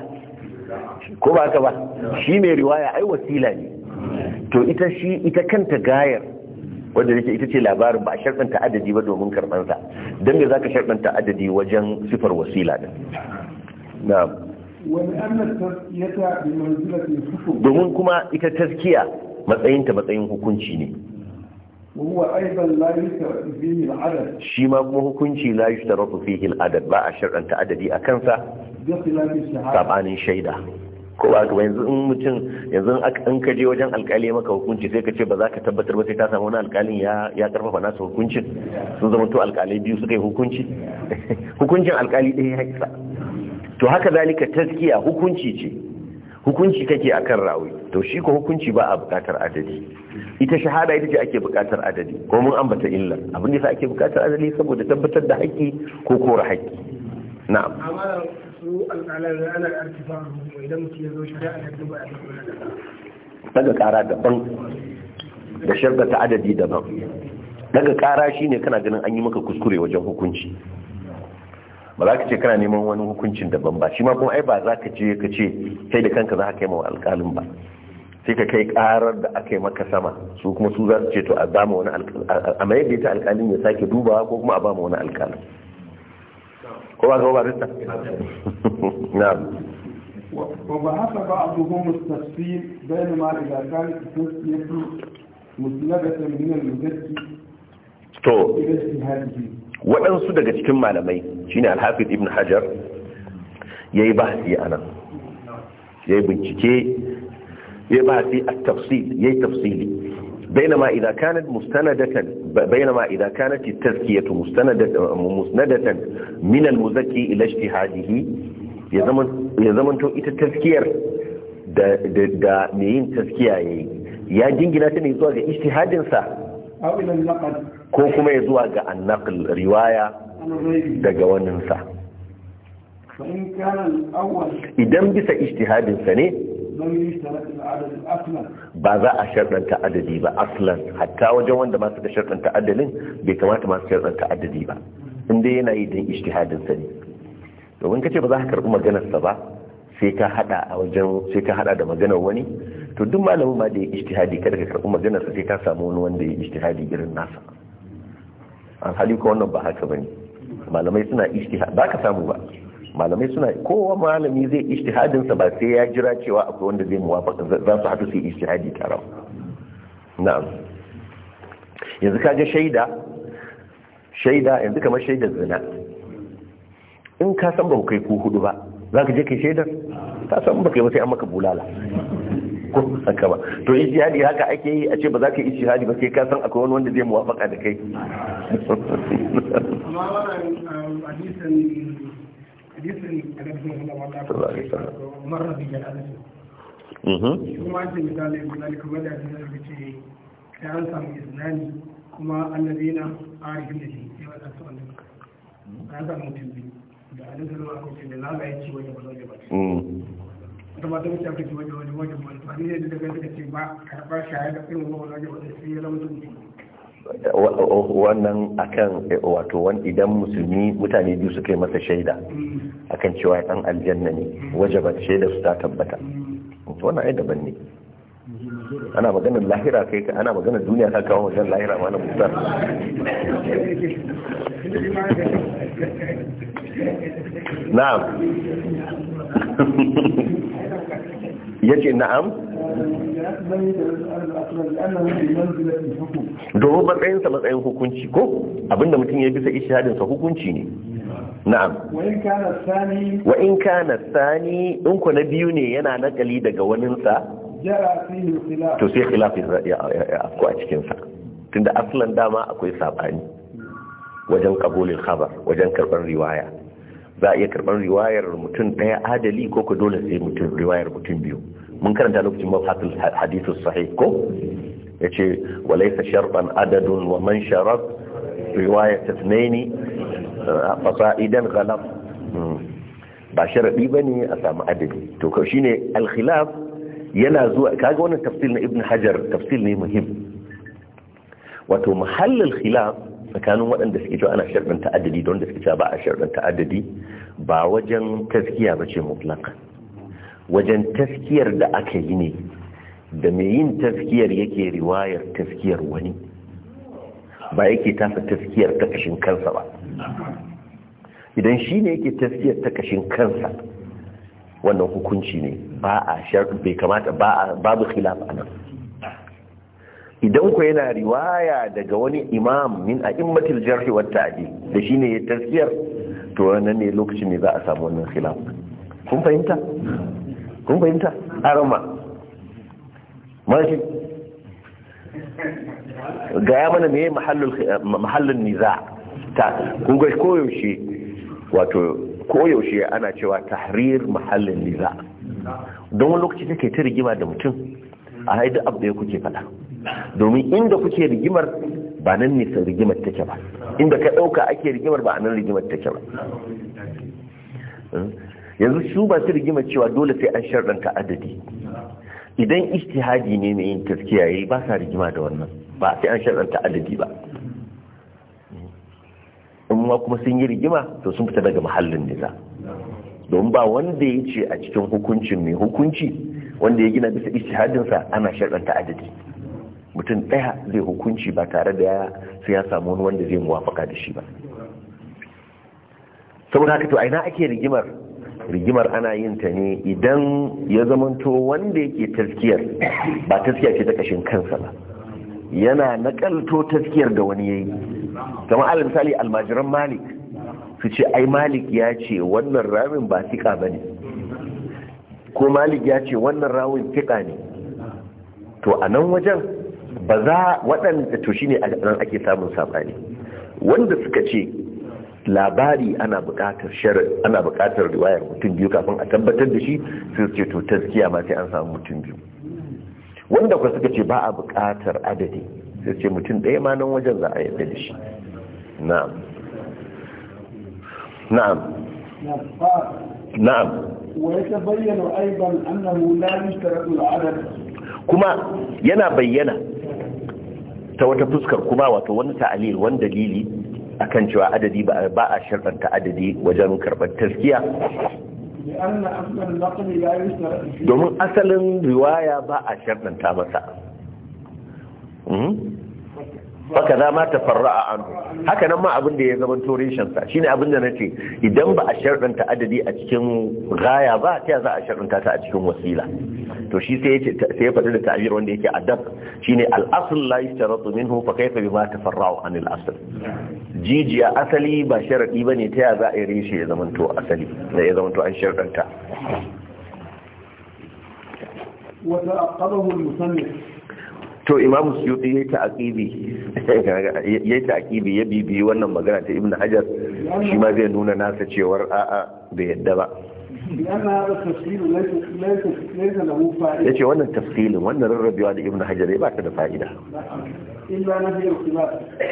ko ba haka ba shi mai riwaya ai wasila ne to ita shi ita kanta gayar wanda nake ita ce labarin ba a sharɗanta adadi ba domin karɓansa don me za ka sharɗanta adadi wajen sifar wasila ɗin domin kuma ita taskiya matsayinta matsayin hukunci ne shi ma kuma hukunci la yushtaratu fihi al-adad ba a sharɗanta adadi a kansa sabanin shaida ko ba ka yanzu in mutum yanzu in ka je wajen alkali maka hukunci sai ka ce ba za ka tabbatar ba sai ta samu wani alkalin ya karfafa nasa hukuncin sun zama to alkalai biyu suka yi hukunci hukuncin alkali ɗaya ya isa to haka zalika taskiya hukunci ce hukunci kake akan rawi to shi ko hukunci ba a bukatar adadi ita shahada ita ce ake bukatar adadi ko mun ambata illa abin da ake bukatar adadi saboda tabbatar da haƙƙi ko kora haƙƙi na'am su alƙalar da ana artifa idan mutum ya zo shari'a da duba ya tafi na daga ƙara daban da sharɗata adadi daban daga ƙara shine kana ganin an yi maka kuskure wajen hukunci ba za ka ce kana neman wani hukuncin daban ba shi ma kuma ai ba za ka ce ka ce kai da kanka za ka kai mawa alƙalin ba sai ka kai karar da aka yi maka sama su kuma su za su ce to a ba wani alkalin a mayar da ita alƙalin ya sake dubawa ko kuma a ba wani alƙalin هو هو بارستا نعم وبعث بعضهم التفسير بين ما إذا كانت التسلية مسندة من المزكي to waɗansu daga cikin malamai shine alhafiz ibn hajar ya yi bahasi a nan ya yi bincike ya yi bahasi a tafsili ya yi tafsili بينما إذا كانت مستندة بينما إذا كانت التزكية مستندة مسندة من المزكي إلى اجتهاده ita taskiyar da mai yin taskiya ya yi ya gingina ta ne zuwa ga ishtihadinsa ko kuma ya zuwa ga annaql riwaya daga waninsa idan bisa ishtihadinsa ne ba za a sharɗanta adadi ba aslan hatta wajen wanda masu da sharɗanta adadin bai kamata masu sharɗanta adadi ba inda yana yi don ishtihadin sa ne domin kace ba za ka karɓi maganarsa ba sai ka hada a wajen sai ka hada da maganar wani to duk malamin ma da ya ishtihadi kada ka karɓi maganarsa sai ka samu wani wanda ya ishtihadi irin nasa hali ko wannan ba haka bane malamai suna ishtihadi ba ka samu ba malamai suna kowa malami zai ijtihadin sa ba sai ya jira cewa akwai wanda zai muwafaka za su haɗu su yi ijtihadi tare na'am yanzu kaga shaida shaida yanzu kamar shaida zina in ka san ba kai ku hudu ba za ka je kai shaidar ka san ba kai ba sai an maka bulala ko haka ba to ijtihadi haka ake yi a ce ba za ka yi ijtihadi ba sai ka san akwai wani wanda zai muwafaka da kai amma wannan um, hadisin مر بجنازته kuma an da da kuma annabi na arifin da shi an samu mutum da da wajen wajen wajen wajen da ba wajen wannan akan eh, wato wani idan musulmi mutane biyu su kai masa shaida akan cewa dan aljanna ne wajaba shaida su ta tabbata wannan ai daban ne ana magana lahira kai ka ana magana duniya ta kawo wajen lahira ma na mutar na'am yace na'am domin sa matsayin hukunci ko abinda mutum ya bisa ishadinsa hukunci ne na'am wa in kana sani in ku na biyu ne yana nakali daga waninsa to sai khilaf ya afko a cikinsa tunda aslan dama akwai sabani wajen kabulin khabar wajen karɓar riwaya za a iya karɓar riwayar mutum ɗaya adali ko ku dole sai mutum riwayar mutum biyu mun karanta lokacin mafatul hadithu sahih ko yace walaysa shartan adadun wa man sharat riwayat ithnaini uh, fasaidan ghalab hmm. ba sharadi bane a samu adadi to ko shine al-khilaf yana zuwa kaga wannan tafsir na ibn hajar tafsir ne muhim wato mahallal khilaf tsakanin waɗanda suke cewa ana sharɗin adadi da wanda suke cewa ba a sharɗin adadi ba wajen taskiya ba ce mutlaka wajen tafkiyar da aka yi ne da mai yin tafkiyar yake riwayar tafkiyar wani ba yake tasa tafkiyar ta kashin kansa ba idan shi ne yake tafkiyar ta kashin kansa wannan hukunci ne ba a sharɗi bai kamata babu khilaf a nan idan ku yana riwaya daga wani imam min a immatil jarhi wa ta'dil da shine ya taskiyar, to wannan ne lokacin ne za a samu wannan khilaf kun fahimta kun fahimta arama mashi gaya mana me mahallin niza ta kun ga koyaushe wato koyaushe ana cewa tahrir mahallin niza don wani lokaci take ta rigima da mutum a haidu abu da kuke fada domin inda kuke rigimar ba nan nisa rigimar take ba inda ka ɗauka ake rigimar ba a nan rigimar take ba yanzu su ba su rigima cewa dole sai an sharɗanta adadi idan istihadi ne mai yin taskiya yayi eh, ba sa rigima da wannan ba sai an sharɗanta adadi ba in ma kuma sun yi rigima to sun fita daga mahallin nisa don ba wanda ya ce a cikin hukuncin mai hukunci wanda ya gina bisa istihadinsa ana sharɗanta adadi mutum ɗaya zai hukunci ba tare da sai ya samu wani wanda zai muwafaka da shi ba saboda haka to aina ake rigimar rigimar ana yin ta ne idan ya zamanto wanda yake taskiyar ba taskiya ce ta kashin kansa ba yana nakalto taskiyar da wani yayi kamar alal misali almajiran malik su ce ai malik ya ce wannan ramin ba tsika ba ne ko malik ya ce wannan rawin fika ne to a nan wajen ba za waɗanda to shine a nan ake samun saɓani wanda suka ce labari ana buƙatar sharar ana buƙatar riwayar mutum biyu kafin a tabbatar da shi sai ce to taskiya ma sai an samu mutum biyu wanda ku suka ce ba a buƙatar adadi sai ce mutum ɗaya ma nan wajen za a yadda da shi na'am na'am na'am ويتبين أيضا أنه لا يشترط العدد Kuma yana bayyana ta wata fuskar kuma wato wani ta'alil wani dalili akan cewa adadi ba a sharɗanta adadi wajen karɓar taskiya domin asalin riwaya ba a sharɗanta masa hmm? baka za ma tafarra'a anhu haka nan ma abin da ya zama torishin sa shine abin da nace idan ba a sharɗanta adadi a cikin gaya ba ta za a sharɗanta ta a cikin wasila to shi sai sai ya faɗi da ta'bir wanda yake adab shine al-asl la yashtaratu minhu fa kayfa bima tafarra'u an al-asl jijiya asali ba sharadi bane ta ya za a yi reshe ya zama to asali da ya zama to an sharɗanta وتعقبه المصنف to imamu suyuti ya yi ta'akibi ya bibiyi wannan magana ta ibn hajar shi ma zai nuna nasa cewar a'a bai yadda ba ya ce wannan tafsilin wannan rarrabewa da ibn hajar ya ba ta da fa'ida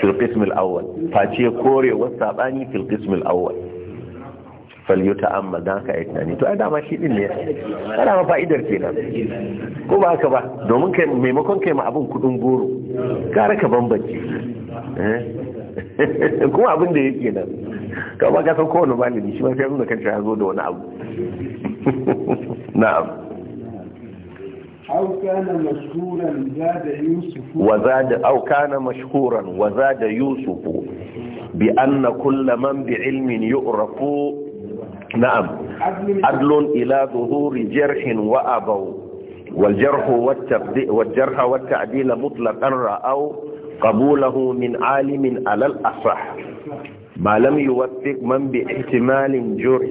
fil qism al-awwal face kore wasu sabani fil qism awwal falyuta amma don haka ya tunani to ai dama shi din ne ya dama fa'idar kenan ko ba haka ba domin kai maimakon kai ma abin kudin goro gara ka bambance eh? kuma abin da yake nan ka ba ka san kowane malami shi ma sai nuna kanta ya zo da wani abu na'am aw kana mashhuran zada yusuf wa zada aw kana mashhuran wa zada yusuf bi anna kullu man bi ilmin yu'rafu نعم عدل إلى ظهور جرح وأبوا والجرح والجرح والتعديل مطلقا رأوا قبوله من عالم على الأصح ما لم يوثق من باحتمال جرح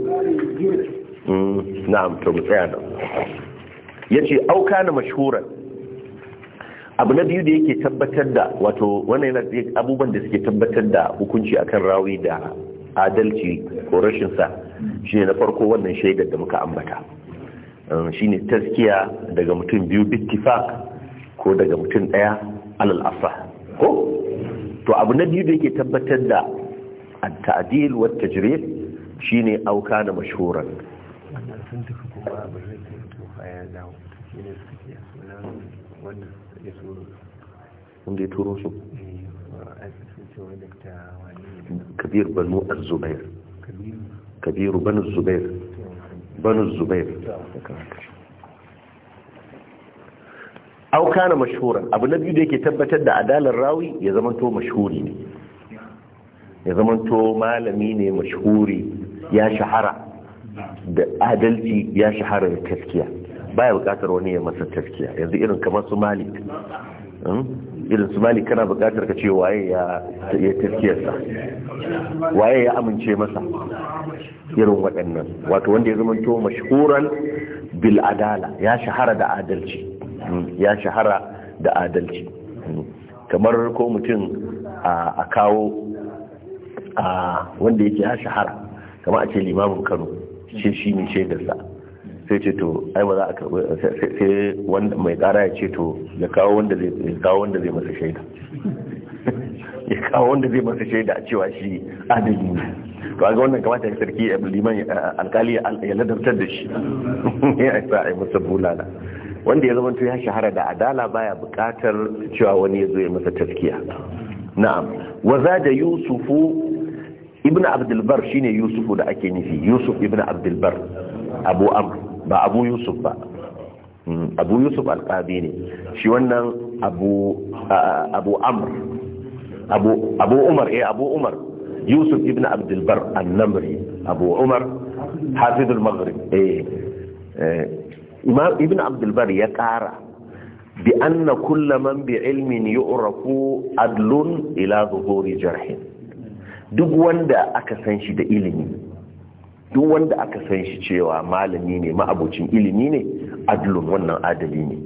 نعم تمتعنا yace au kana mashhuran abu na biyu da yake tabbatar da wato wannan yana abubuwan da suke tabbatar da hukunci akan rawi da adalci ko rashin sa shine na farko wannan shaidar da muka ambata ehm, shine taskiya daga mutum biyu bittifak ko daga mutum daya alal asa ko to abu na biyu da yake tabbatar da at-ta'dil wa at-tajrid shine auka da mashhuran wanda ya turo su eh, kabir Banu, az-zubair kabiru banu zubair banu zubair au kana mashhuran abu na biyu da yake tabbatar da adalan rawi ya zamanto mashhuri ne ya zamanto malami ne mashhuri ya shahara da adalci ya shahara da taskiya baya bukatar wani ya masa taskiya yanzu irin kamar su malik hmm? irin su kana bukatar ka ce waye ya tafkiyarsa waye ya amince masa irin waɗannan wato wanda ya zama to mashhuran bil adala ya shahara da adalci hmm, ya shahara da adalci hmm, kamar ko mutum a kawo wanda yake ya shahara kamar a ce limamin kano shi shi ne shaidarsa sai ce to ai ba za a karɓi sai wanda mai ƙara ya ce to ya kawo wanda zai kawo wanda zai masa shaida ya kawo wanda zai masa shaida a cewa shi adali ne to ga wannan kamata ya sarki eh, liman eh, alkali ya ladabtar da shi ya isa a yi masa bulala wanda ya zama ya shahara da adala baya buƙatar cewa wani ya zo ya masa taskiya na'am waza da yusufu ibn bar shine yusufu da ake nufi yusuf ibn bar abu amr ba abu yusuf ba hmm, abu yusuf alƙabi ne shi wannan abu amr abu umar eh abu umar yusuf ibn abdulbar annamri abu umar hafizul maghrib eh, eh ibn abdulbar ya ƙara bi anna kulla man bi ilmin yu'rafu adlun ila zuhuri jarhin duk wanda aka san shi da ilimi duk wanda aka san shi cewa malami ne ma'abucin ilimi ne adlun wannan adali ne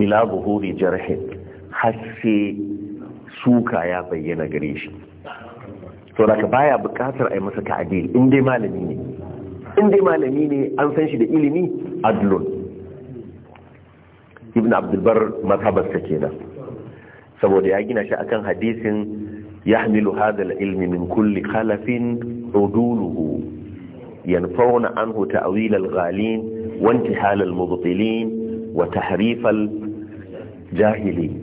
ila buhuri jarhin har suka ya bayyana gare shi to daga baya bukatar a yi masa ta'adil in dai malami ne in dai malami ne an san shi da ilimi adlun ibn abdulbar mazhabarsa kenan saboda ya gina shi akan hadisin yahmilu hadha ilmi min kulli khalafin uduluhu ينفون عنه تأويل الغالين وانتحال المبطلين وتحريف الجاهلين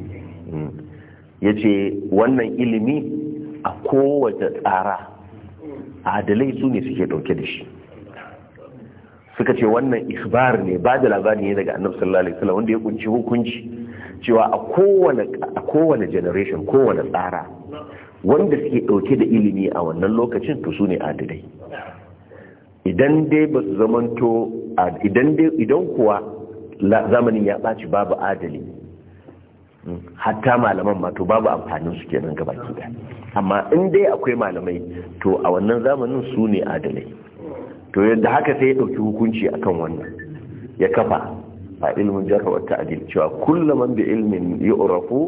yace wannan ilimi a kowace tsara adalai su suke dauke da shi suka ce wannan isbar ne ba da labari ne daga annabi sallallahu alaihi wasallam wanda ya kunci hukunci cewa a kowane a kowane generation kowane tsara wanda suke dauke da ilimi a wannan lokacin to su ne adalai idan dai ba su zamanto idan kuwa zamanin ya ɓaci babu adali mm, hatta malaman ma to babu amfanin su kenan gaba da amma in dai akwai malamai to a wannan zamanin su ne adalai to yadda haka sai ya ɗauki hukunci akan wannan ya kafa a ilimin jarrawar ta'adil cewa kullaman bi ilmin urafu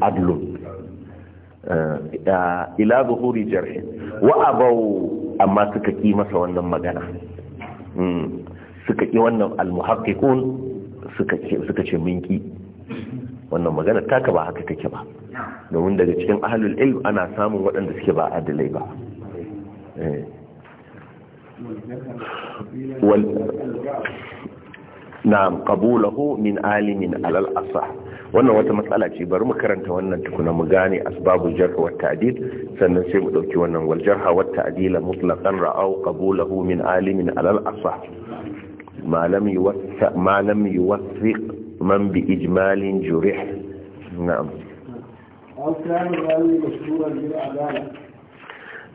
adlun Eh, eh, ila zuhuri jarhin wa abau amma suka ki masa wannan magana hmm. suka ki wannan almuhaqqiqun suka ce suka ce mun ki wannan magana taka ba haka take ba domin daga cikin ahlul ilm ana samun waɗanda suke ba adalai ba eh. wal qabulahu min alimin alal asah wannan wata matsala ce bari mu karanta wannan tukuna mu gane asbabul jarh wa ta'dil sannan sai mu dauki wannan wal jarha wa ta'dil mutlaqan ra'aw qabulahu min alimin alal asah ma lam yuwaththiq ma lam yuwaththiq man bi ijmalin jurih na'am aw rawi mashhuran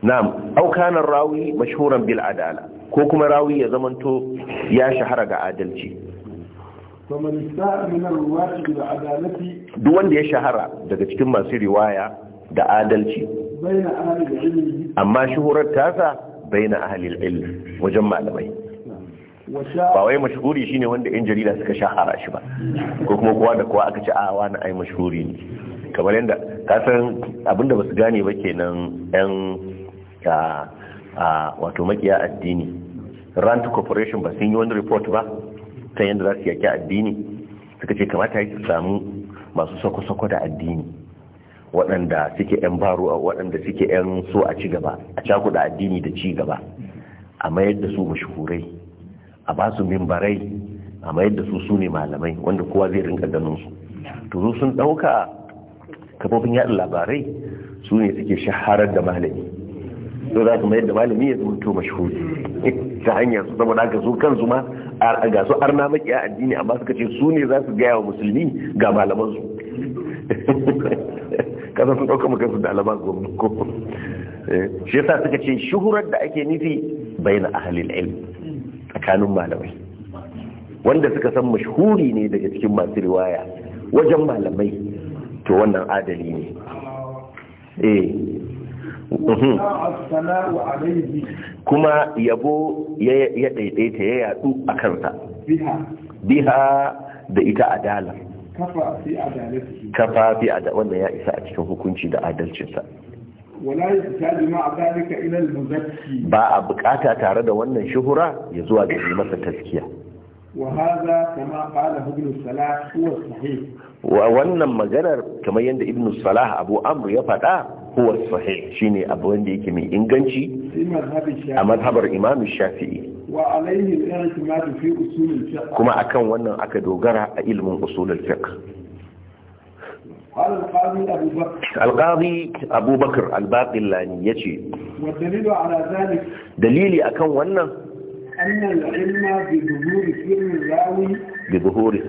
na'am aw kana rawi mashhuran bil adala ko kuma rawi ya zamanto ya shahara ga adalci duk wanda ya shahara daga cikin masu riwaya da adalci amma shuhurar tasa bai na ahalil ilmi wajen malamai ba wai mashhuri shine wanda yan jarida suka shahara shi ba ko kuma kowa da kowa aka ci a na ai mashhuri ne kamar yadda kasan abinda basu gane ba kenan yan a wato makiya addini rand corporation ba sun yi wani report ba san yadda za su yaƙi addini suka ce kamata ya samu masu sako-sako da addini waɗanda suke 'yan baro waɗanda suke 'yan so a ci gaba a cakuɗa addini da ci gaba a mayar da su mashahurai a ba su mimbarai a mayar da su su ne malamai wanda kowa zai rinka ganin su to su sun ɗauka kafofin yaɗa labarai su ne suke shaharar da malami to za su mayar da malami ya zo to mashahuri ta hanyar su saboda haka su kansu ma ga su arna makiya addini amma suka ce su ne za su gaya wa musulmi ga malamansu kasa sun ɗauka maka su da alaman ko eh, shi yasa suka ce shuhurar da ake nufi bai na ahalil ilm tsakanin malamai wanda suka san mashuri ne daga cikin masu riwaya wajen malamai to wannan adali ne eh Mhm. kuma yabo ya daidaita ya yadu a kansa biha da ita adala kafa fi a wanda ya isa a cikin hukunci da adalcinsa ba a bukata tare da wannan shuhura ya zuwa yi masa taskiya Wannan maganar kamar yadda Ibn Salah Abu وأن ya faɗa? huwa sahih shine abu wanda yake mai inganci a mazhabar imam shafi'i kuma akan wannan aka dogara a ilimin usulul fiqh alƙazi abubakar albaƙillani ya ce dalili akan wannan bi zuhuri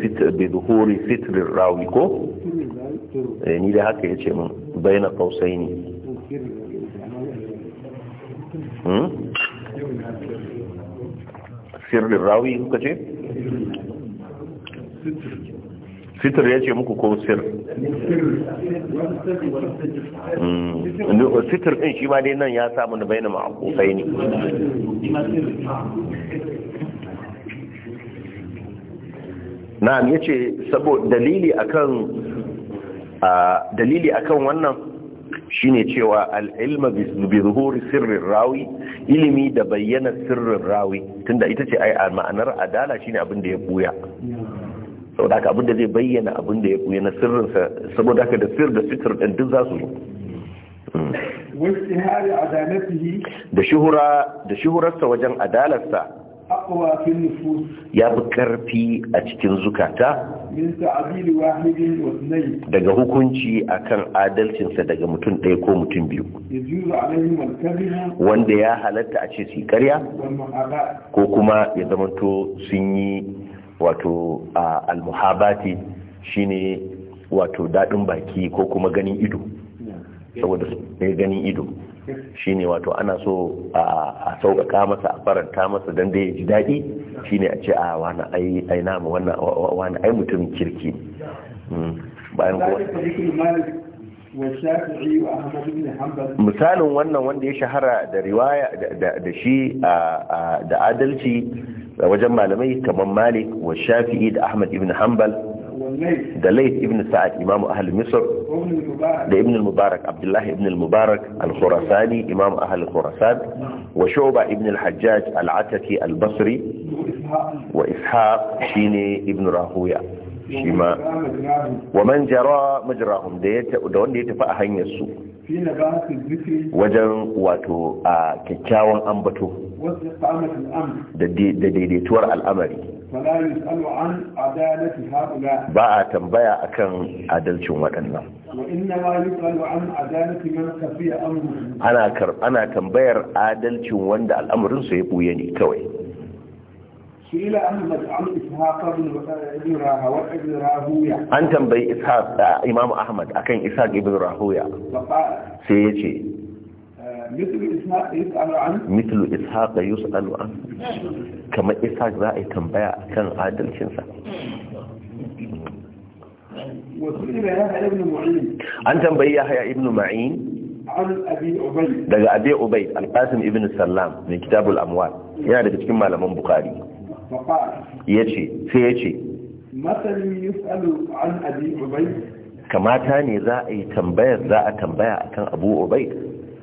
sitrin rawi ko eh ni da haka yace mun baina qausaini hmm sirrin rawi kuka ce fitar ya ce muku ko sir fitar hmm. ɗin shi ma dai nan ya samu da bayanin ma'akofai ne na'am ya ce saboda dalili akan dalili akan wannan shine cewa al'ilma bi zuhuri sirrin rawi ilimi da bayyana sirrin rawi tunda ita ce ai ma'anar adala shine abin da ya buya saboda haka abin da zai bayyana abin da ya buya na sirrinsa saboda aka da sir da sitir din duk za su zo da shuhura da shuhurarsa wajen adalarsa ya fi karfi a cikin zukata daga hukunci a kan adalcinsa daga mutum ɗaya ko mutum biyu wanda ya halatta a ce su karya ko kuma ya zamanto sun yi wato almuhabati shine wato daɗin baki ko kuma ganin ido saboda ganin ido shine wato ana so a sauƙaƙa masa a faranta masa don da ya ji daɗi shine a ce a ah, wani aina ma wani ai mutumin kirki hmm. bayan kuma misalin wannan wanda ya shahara da riwaya da shi da adalci wajen malamai kamar malik wa shafi'i da ahmad ibn hanbal da lait ibn sa'ad imam ahal misr da ibn al-mubarak abdullahi ibn al-mubarak al-khurasani imam ahal khurasan wa shu'ba ibn al-hajjaj al-ataki al-basri wa ishaq shine ibn rahuya shima wa man jara majrahum da wanda ya tafi a hanyar su wajen wato a kyakkyawan ambato da daidaituwar al'amari Ba a tambaya a kan adalcin waɗannan. Ana tambayar adalcin wanda al'amuransu ya buya ni kawai. An tambayi Imam Ahmad akan kan isa da ibrahim rahoya sai yace. مثل إسحاق يسأل عنه مثل إسحاق يسأل عنه كما إسحاق ذا تنبيع كان عادل شنسا وسئل يحيى ابن معين ابن معين عن أبي عبيد دقى أبي عبيد القاسم ابن السلام من كتاب الأموال يعني تتكلم على من بخاري فقال في يتشي مثل يسأل عن أبي عبيد كما تاني za a yi tambayar كان أبو أبي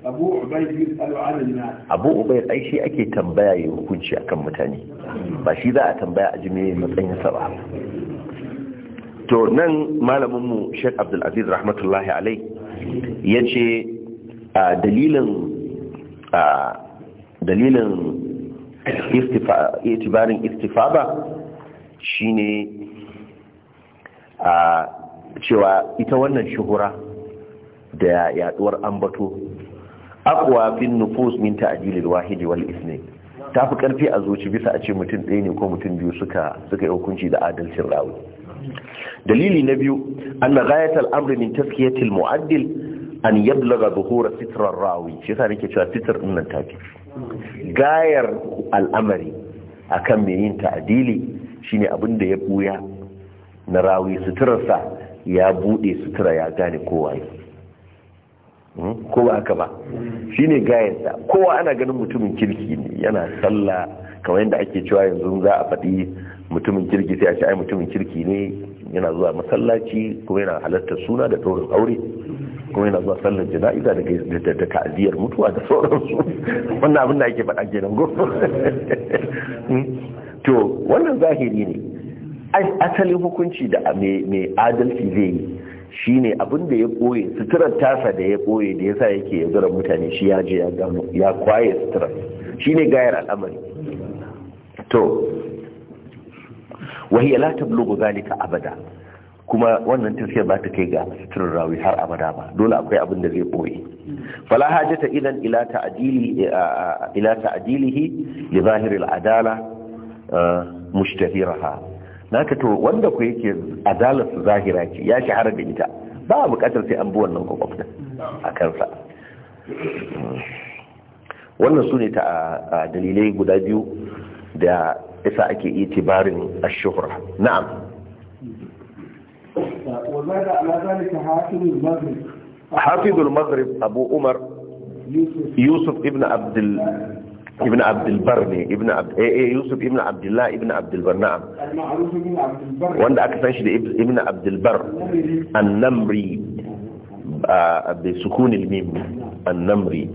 abu ubai ai shi ake tambaya yi hukunci akan mutane ba shi za a tambaya a jimi matsayinsa ba to nan malaminmu sheik abdulaziz rahmatullahi alai ya ce dalilin itibarin istifaba shi ne a cewa ita wannan shuhura da yaduwar ambato aqwa fi nufus min ta'jil al-wahid wal ithnain tafi karfi a zuci bisa a ce mutum ɗaya ne ko mutum biyu suka suka yi hukunci da adalcin rawi dalili na biyu anna ghayat al-amr min taskiyati al-mu'addil an yablagha dhuhura sitra rawi shi yasa nake cewa sitr din nan tafi gayar al'amari akan mai yin ta'dili shine abin da ya buya na rawi suturarsa ya bude sutura ya gane kowa yi Hmm? ko ba haka ba shi shine gayansa kowa ana ganin mutumin kirki ne yana sallah kamar yadda ake cewa yanzu za a faɗi mutumin kirki sai a ce ai mutumin kirki ne yana zuwa masallaci kuma yana halartar suna da tsoron aure kuma yana zuwa sallar jana'iza da da ta'aziyar mutuwa da sauransu wannan abin da ake faɗa kenan go hmm? to wannan zahiri ne asalin hukunci da mai adalci zai yi shine abin da ya koye suturar tasa da ya koye da yasa yake ya zura mutane shi ya je ya gano ya kwaye suturar ne gayar al'amari to ya la tablughu zalika abada kuma wannan tafiyar ba ta kai ga suturar rawi har abada ba dole akwai abin da zai boye fala hajata idan ila ta'dili adilihi li zahir adala mushtahiraha naka to wanda ku yake a zahira ce ya shahara da ita ba a bukatar sai an bi wannan kwakwafta a kansa wannan su ne ta dalilai guda biyu da isa ake itibarin ashuhura na'am hafizul maghrib abu umar yusuf ibn abdul ibn abdulbar ne ibn eh, eh, yusuf ibn abdullah ibn abdulbar wanda aka san shi da ibn abdulbar annamri bai sukunin mim annamri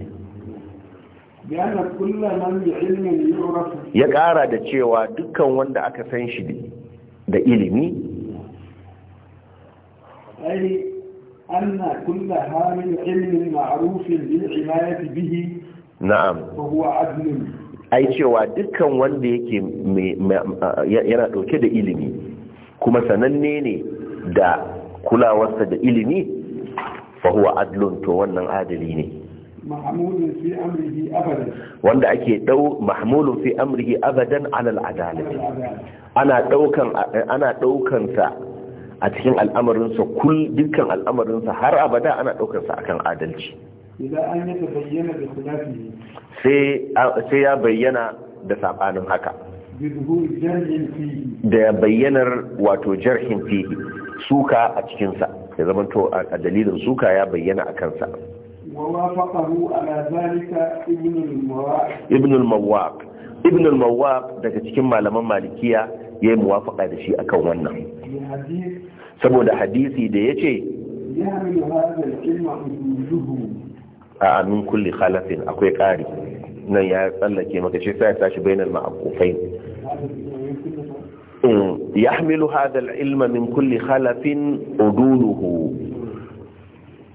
ya ƙara da cewa dukkan wanda aka san shi da ilimi na'am ai cewa dukkan wanda yake yana dauke da ilimi kuma sananne ne da kulawarsa da ilimi fa huwa adlun to wannan adali ne wanda ake dau mahmulu fi amrihi abadan al adalati ana daukan ana daukan sa a cikin sa kul dukkan sa har abada ana daukan sa akan adalci sai ya bayyana da sabanin haka da bayyanar wato jarhin fihi suka a cikinsa ya zamanto a dalilin suka ya bayyana a kansa ibn al-mawaq ibn al-mawaq daga cikin malaman malikiya ya yi muwafaka da shi akan wannan saboda hadisi da ya ce a min kulli khalafin akwai ƙari nan ya tsallake maka shi sai ya tashi bainal ma'akufai يحمل ilma العلم من كل خلف عدوله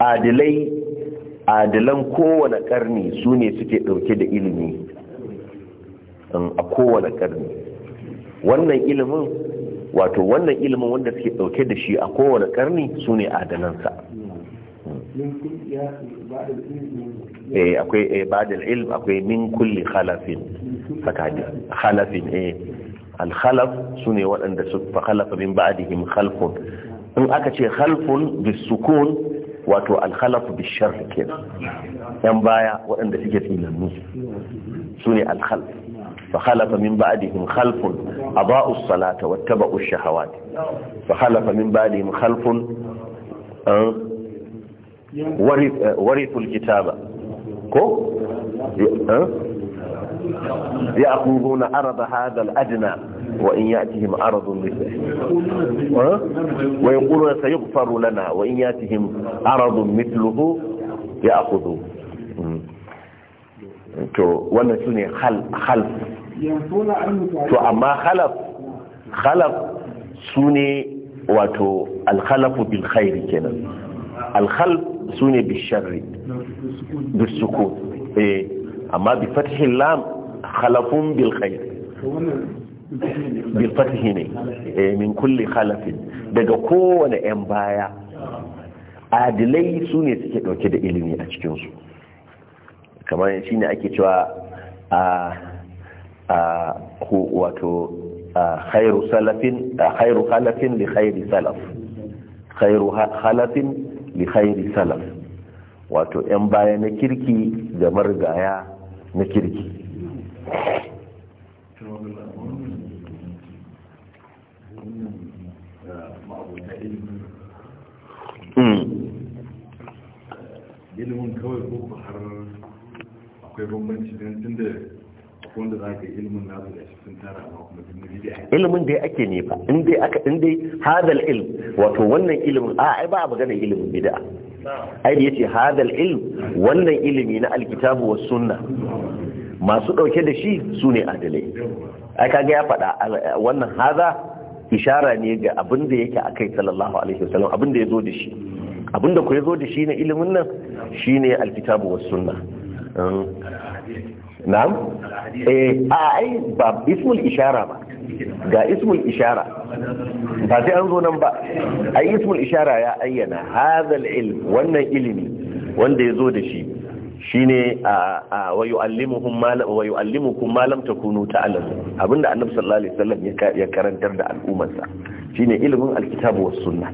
عادلي عادلان كوانا karni sune suke دوكي da علمي mm, a kowane karni wannan ilimin wato wannan ilimin wanda suke dauke da shi a kowane karni sune adalansa. eh akwai eh ba'dal ilm akwai min kulli khalafin saka hadis khalafin eh al khalaf sune waɗanda su fa khalafa min ba'dihim khalfun in aka ce khalfun bisukun wato al khalaf bishar kenan yan baya waɗanda suke tsinannu sune al khalf فخلف من بعدهم خلف أضاءوا الصلاة واتبعوا الشهوات فخلف من بعدهم خلف ورث الكتاب كو يأخذون أرض هذا الأدنى وإن يأتهم أرض مثله ويقولون سيغفر لنا وإن يأتهم أرض مثله يأخذون وانا سني خل خلف تو أما خلف خلف سني وتو الخلف بالخير كنا alkhal su ne bisharri bisuku eh amma bi fathin lam khalafun bil khair bil fathi ne eh min kulli khalafin daga kowane yan baya adilai su ne suke dauke da ilimi a cikin su kamar shine ake cewa a a wato khairu salafin khairu khalafin li khairi salaf khairu khalafin li khairi salam wato 'yan baya na kirki da margaya na kirki hmm. ilimin kawai ko har akwai bambanci don tun da wanda za ka ilimin nasu da shi sun tara kuma ilimin ake ne ba in dai aka in dai hadal ilm wato wannan ilimin a ai ba a magana ilimin bid'a ai da yace hadal ilm wannan ilimi na alkitabu was sunna masu dauke da shi su ne adalai ai kaga ya faɗa wannan haza ishara ne ga abin da yake akai sallallahu alaihi wasallam abin da ya zo da shi abin da ku ya zo da shi na ilimin nan shine alkitabu was sunna um, na'am eh a ai ba ismul ishara ba ga ismul ishara ba sai an zo nan ba ai ismul ishara ya ayyana hadhal ilm wannan ilimi wanda ya zo da shi shine a wa yu'allimuhum ma wa yu'allimukum ma lam takunu ta'lamun abinda annabi sallallahu alaihi wasallam ya karantar da al'ummarsa shine ilimin alkitabu was sunna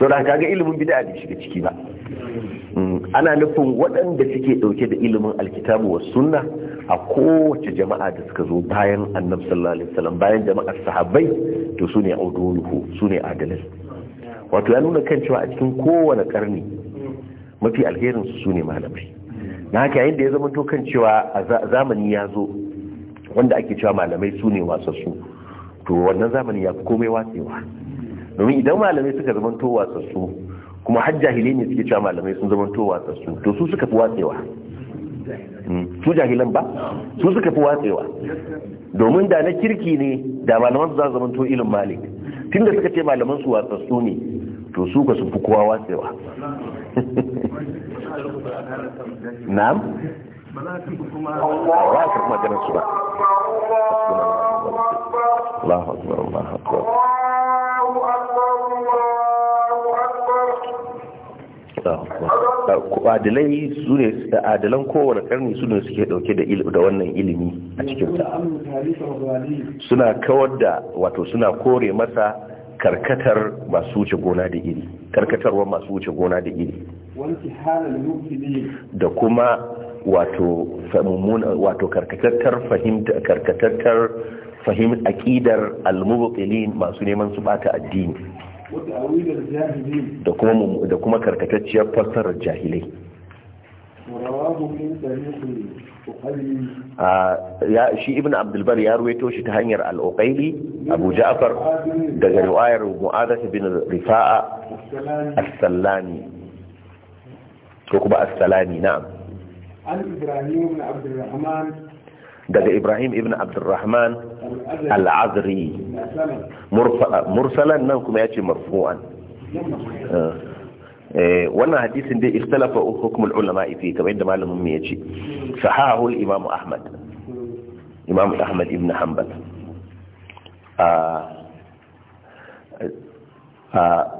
Sau da ga ilimin bid'a bai shiga ciki ba Mm, ana nufin waɗanda suke ɗauke da ilimin alkitabu wa sunna a kowace jama'a da suka zo bayan annab sallallahu alaihi wasallam bayan jama'ar sahabbai to su ne auduluhu su ne adalai wato ya nuna kan cewa a cikin kowane karni mafi alherin su su ne malamai na haka yayin da ya zama to kan cewa a zamani ya zo wanda ake cewa malamai su ne wasassu to wannan zamani ya fi komai watsewa domin idan malamai suka zama to wasassu kuma har jahilai ne suke cewa malamai sun zama to watsassu to su suka fi watsewa hmm. su jahilan ba su suka fi watsewa domin da na kirki ne da malaman su za zama to ilin malik tunda suka ce malaman su watsassu ne to su ka su fi kowa watsewa na'am ba kuma ganin su ba Allahu akbar Allahu akbar adalai su ne adalan kowane karni su ne suke dauke da wannan ilimi a cikin ta, suna kawar da wato suna kore masa karkatar masu wuce gona da iri karkatarwar masu wuce gona da iri da kuma wato wato karkatattar fahimta karkatattar fahimta aqidar al masu neman su bata addini da kuma da kuma karkatacciyar fassarar jahilai ya shi ibn abdulbar ya ruwaito shi ta hanyar al-uqayli abu ja'far daga riwayar bin rifa'a as-sallami ko kuma as-salami na'am an ibrahim ibn abdurrahman daga ibrahim ibn abdurrahman العذري مرسلا نوكم نعم ياتي مرفوعا آه. آه، وانا حديث دي اختلف حكم العلماء فيه كما عندما علم امي ياتي صححه الامام احمد امام احمد ابن حنبل آه.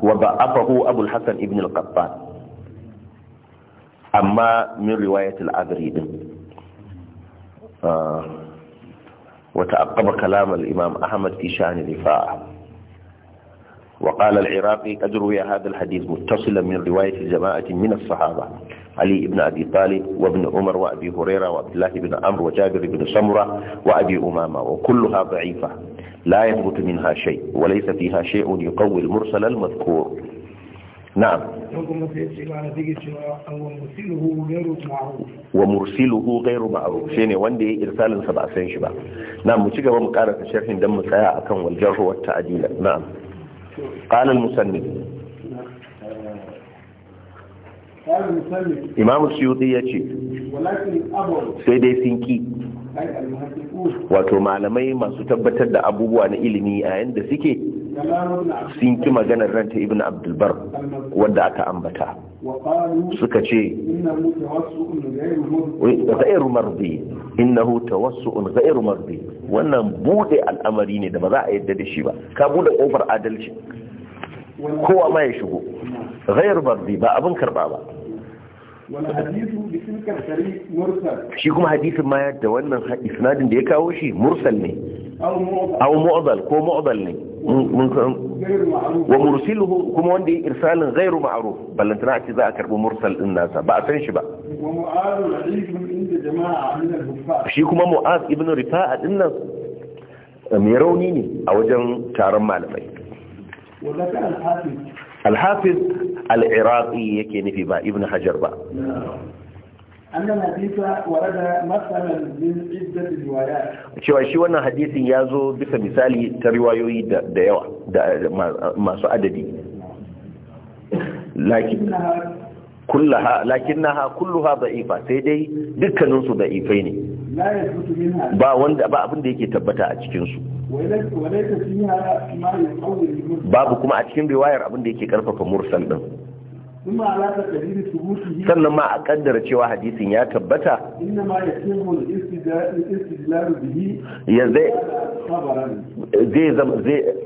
وضعفه ابو الحسن ابن القطان اما من روايه العذري آه. وتعقب كلام الإمام أحمد في شأن رفاعة وقال العراقي قد روي هذا الحديث متصلا من رواية جماعة من الصحابة علي بن أبي طالب وابن عمر وأبي هريرة وعبد الله بن عمرو وجابر بن سمرة وأبي أمامة وكلها ضعيفة لا يثبت منها شيء وليس فيها شيء يقوي المرسل المذكور na'am kuma sai ce ba na zige cewa wa mursiluhu ghairu ma'ruf wa mursiluhu ghairu wanda yayi irsalin sa ba san shi ba na'am mu ci gaba mu karanta sharhin dan mu tsaya akan wal jarh wa ta'dil na'am qala al Imam Suyuti ya ce, sai dai sun ki wato malamai masu tabbatar da abubuwa na ilimi a suke sun ki maganar ranta ibn abdulbar wadda aka ambata suka ce ghairu mardi innahu tawassu'un ghairu marbi. wannan bude al'amari ne da ba za a yadda da shi ba ka bude kofar adalci kowa ma ya shigo ghairu marbi ba abin karba ba shi kuma hadisin ma da wannan isnadin da ya kawo shi mursal ne au mu'dal ko mu'dal ne wa mursiluhu kuma wanda ya irsalin ghairu ma'ruf ballantana a ce za a karbi mursal din nasa ba a san shi ba shi kuma mu'az ibn rifa'a din nan mai rauni ne a wajen taron malamai alhafiz al'iraqi yake nufi ba ibn hajar ba annan cewa shi wannan hadisin ya zo bisa misali ta riwayoyi da yawa da masu adadi lakin kullaha lakinnaha kulluha da'ifa sai dai dukkaninsu su da'ifai ne ba wanda ba abin da yake tabbata a cikin su babu kuma a cikin riwayar abin da yake karfafa mursal din sannan ma a kaddara cewa hadisin ya tabbata zai zama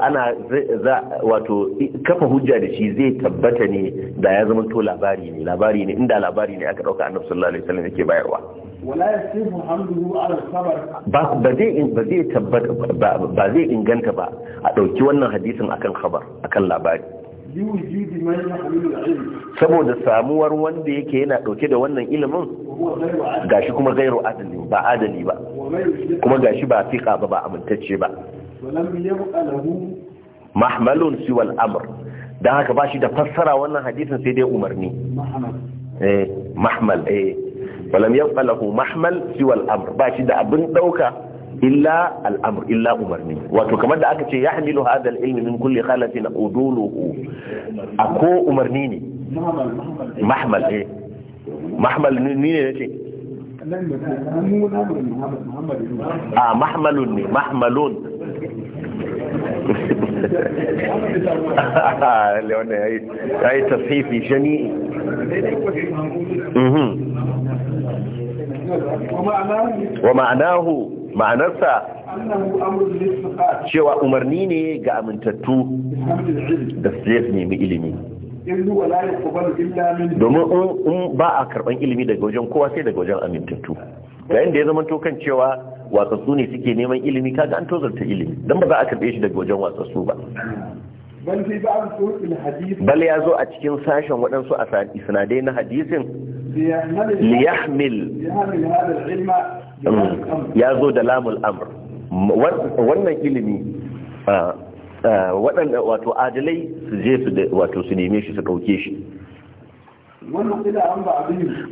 ana za wato kafa hujja da shi zai tabbata ne da ya zama to labari ne labari ne inda labari ne aka dauka annabi sallallahu alaihi wasallam yake bayarwa ba zai tabbata ba zai inganta ba a ɗauki wannan hadisin akan khabar akan labari saboda samuwar wanda yake yana ɗauke da wannan ilimin gashi kuma gairu adali ba adali ba kuma gashi ba fiƙa ba ba amintacce ba mahmalun siwal amr don haka ba shi da fassara wannan hadisin sai dai umarni mahmal eh, eh. ولم يبقى له محمل سوى الأمر باشي دا أبن دوكا إلا الأمر إلا واتو كما دا أكتش يحمل هذا العلم من كل خالة أدوله أكو أمرنيني محمل إيه محمل نيني ايه محمل محمل محمل محمل leona ya yi tashifi jami'i wa ma'anahu ma'anarsa cewa umarni ne ga amintattu da su su nemi ilimi domin in ba a karban ilimi daga wajen kowa sai daga wajen amintattu Ga yadda ya zama to kan cewa watsatsu ne suke neman ilimi kaga an tozarta ilimi don ba za a karɓe shi daga wajen watsatsu ba bal ya zo a cikin sashen waɗansu a sinadai na hadisin liyahmil mm. ya zo da lamul amr wannan ilimi ah, ah, waɗanda wato adalai su je su wato su neme shi su ɗauke shi an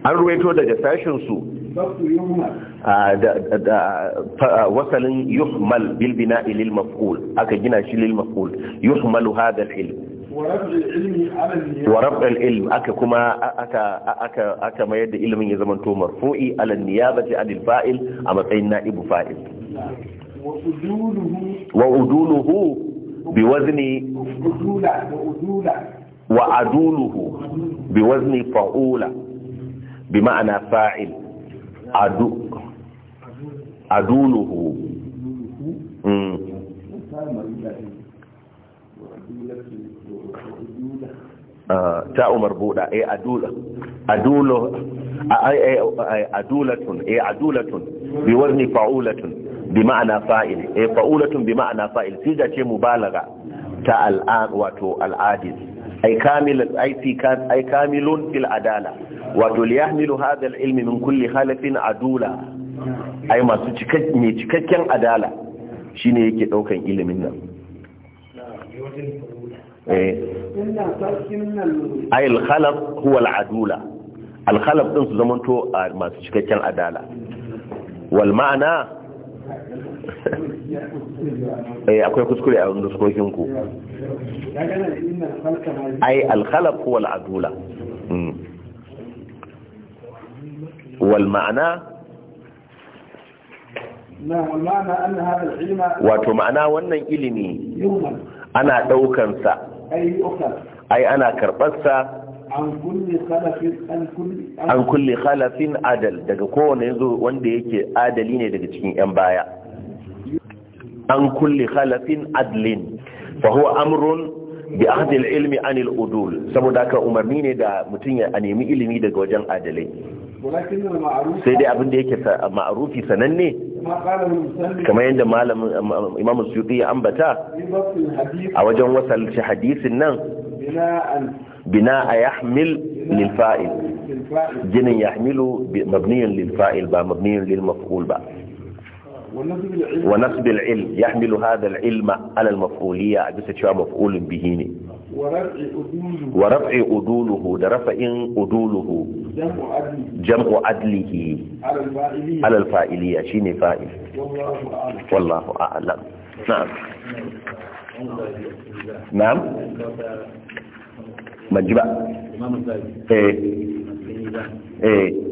ba ruwaito daga sashin su da wasalin yuhmal bil bina'i lil maf'ul aka gina shi lil maf'ul yuhmalu hadha al ilm wa raf'a al ilm aka kuma aka aka aka mayar da ilimin ya zama to marfu'i ala niyabati anil fa'il a matsayin na'ibu fa'il wa uduluhu bi wazni udula وعدوله بوزن فعولة بمعنى فاعل عدو عدوله آه، تاء مربوطة إيه، اي عدولة عدوله عدولة اي عدولة إيه، بوزن فعولة بمعنى فاعل اي فعولة بمعنى فاعل سيجة مبالغة تاء الآن واتو العادل ay kamilun fil adala wato li yahmilu hadha al ilmi min kulli khalafin adula ai masu cikakken mai cikakken adala shine yake daukan ilimin nan eh ay al khalaf huwa al adula al khalaf din su zamanto masu cikakken adala wal ma'ana eh akwai kuskure a nuskokin ku ai alkhalaq wal adula hmm. wal ma'ana wato ma'ana wannan ilimi ana ɗaukansa ai ana karɓarsa an kulle khalafin adal daga kowane yanzu wanda yake adali ne daga cikin 'yan baya an kulli khalafin adlin fa huwa amrun bi ahdi ilmi anil udul saboda haka umarni ne da mutum ya nemi ilimi daga wajen adalai sai dai abin da yake ma'arufi sananne kamar yadda malamin um, um, imam suyuti ya ambata a wajen wasalci hadisin nan bina a yahmil lilfa'il jinin yahmilu mabniyin lilfa'il ba mabniyin lilmaf'ul ba ونسب العلم يحمل هذا العلم على المفعولية عدسة شو مفعول به ورفع أدوله درفع أدوله جمع عدله على الفاعلية شين فائل والله أعلم نعم نعم من ايه ايه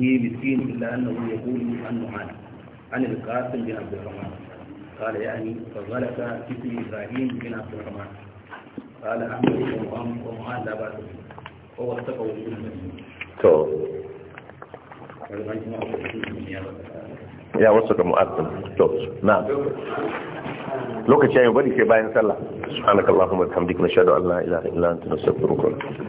به مسكين إلا أنه يقول أنه عن عن القاسم بن عبد الرحمن قال يعني فغلق باسم إبراهيم بن عبد الرحمن قال أحمد بن ومعان لا بأس به هو اتقوا نعم. في المدينة ya wasu ga mu'azzin to na lokaci ayyuka ke سبحانك اللهم وبحمدك wa ان لا اله الا انت نستغفرك anta nastaghfiruka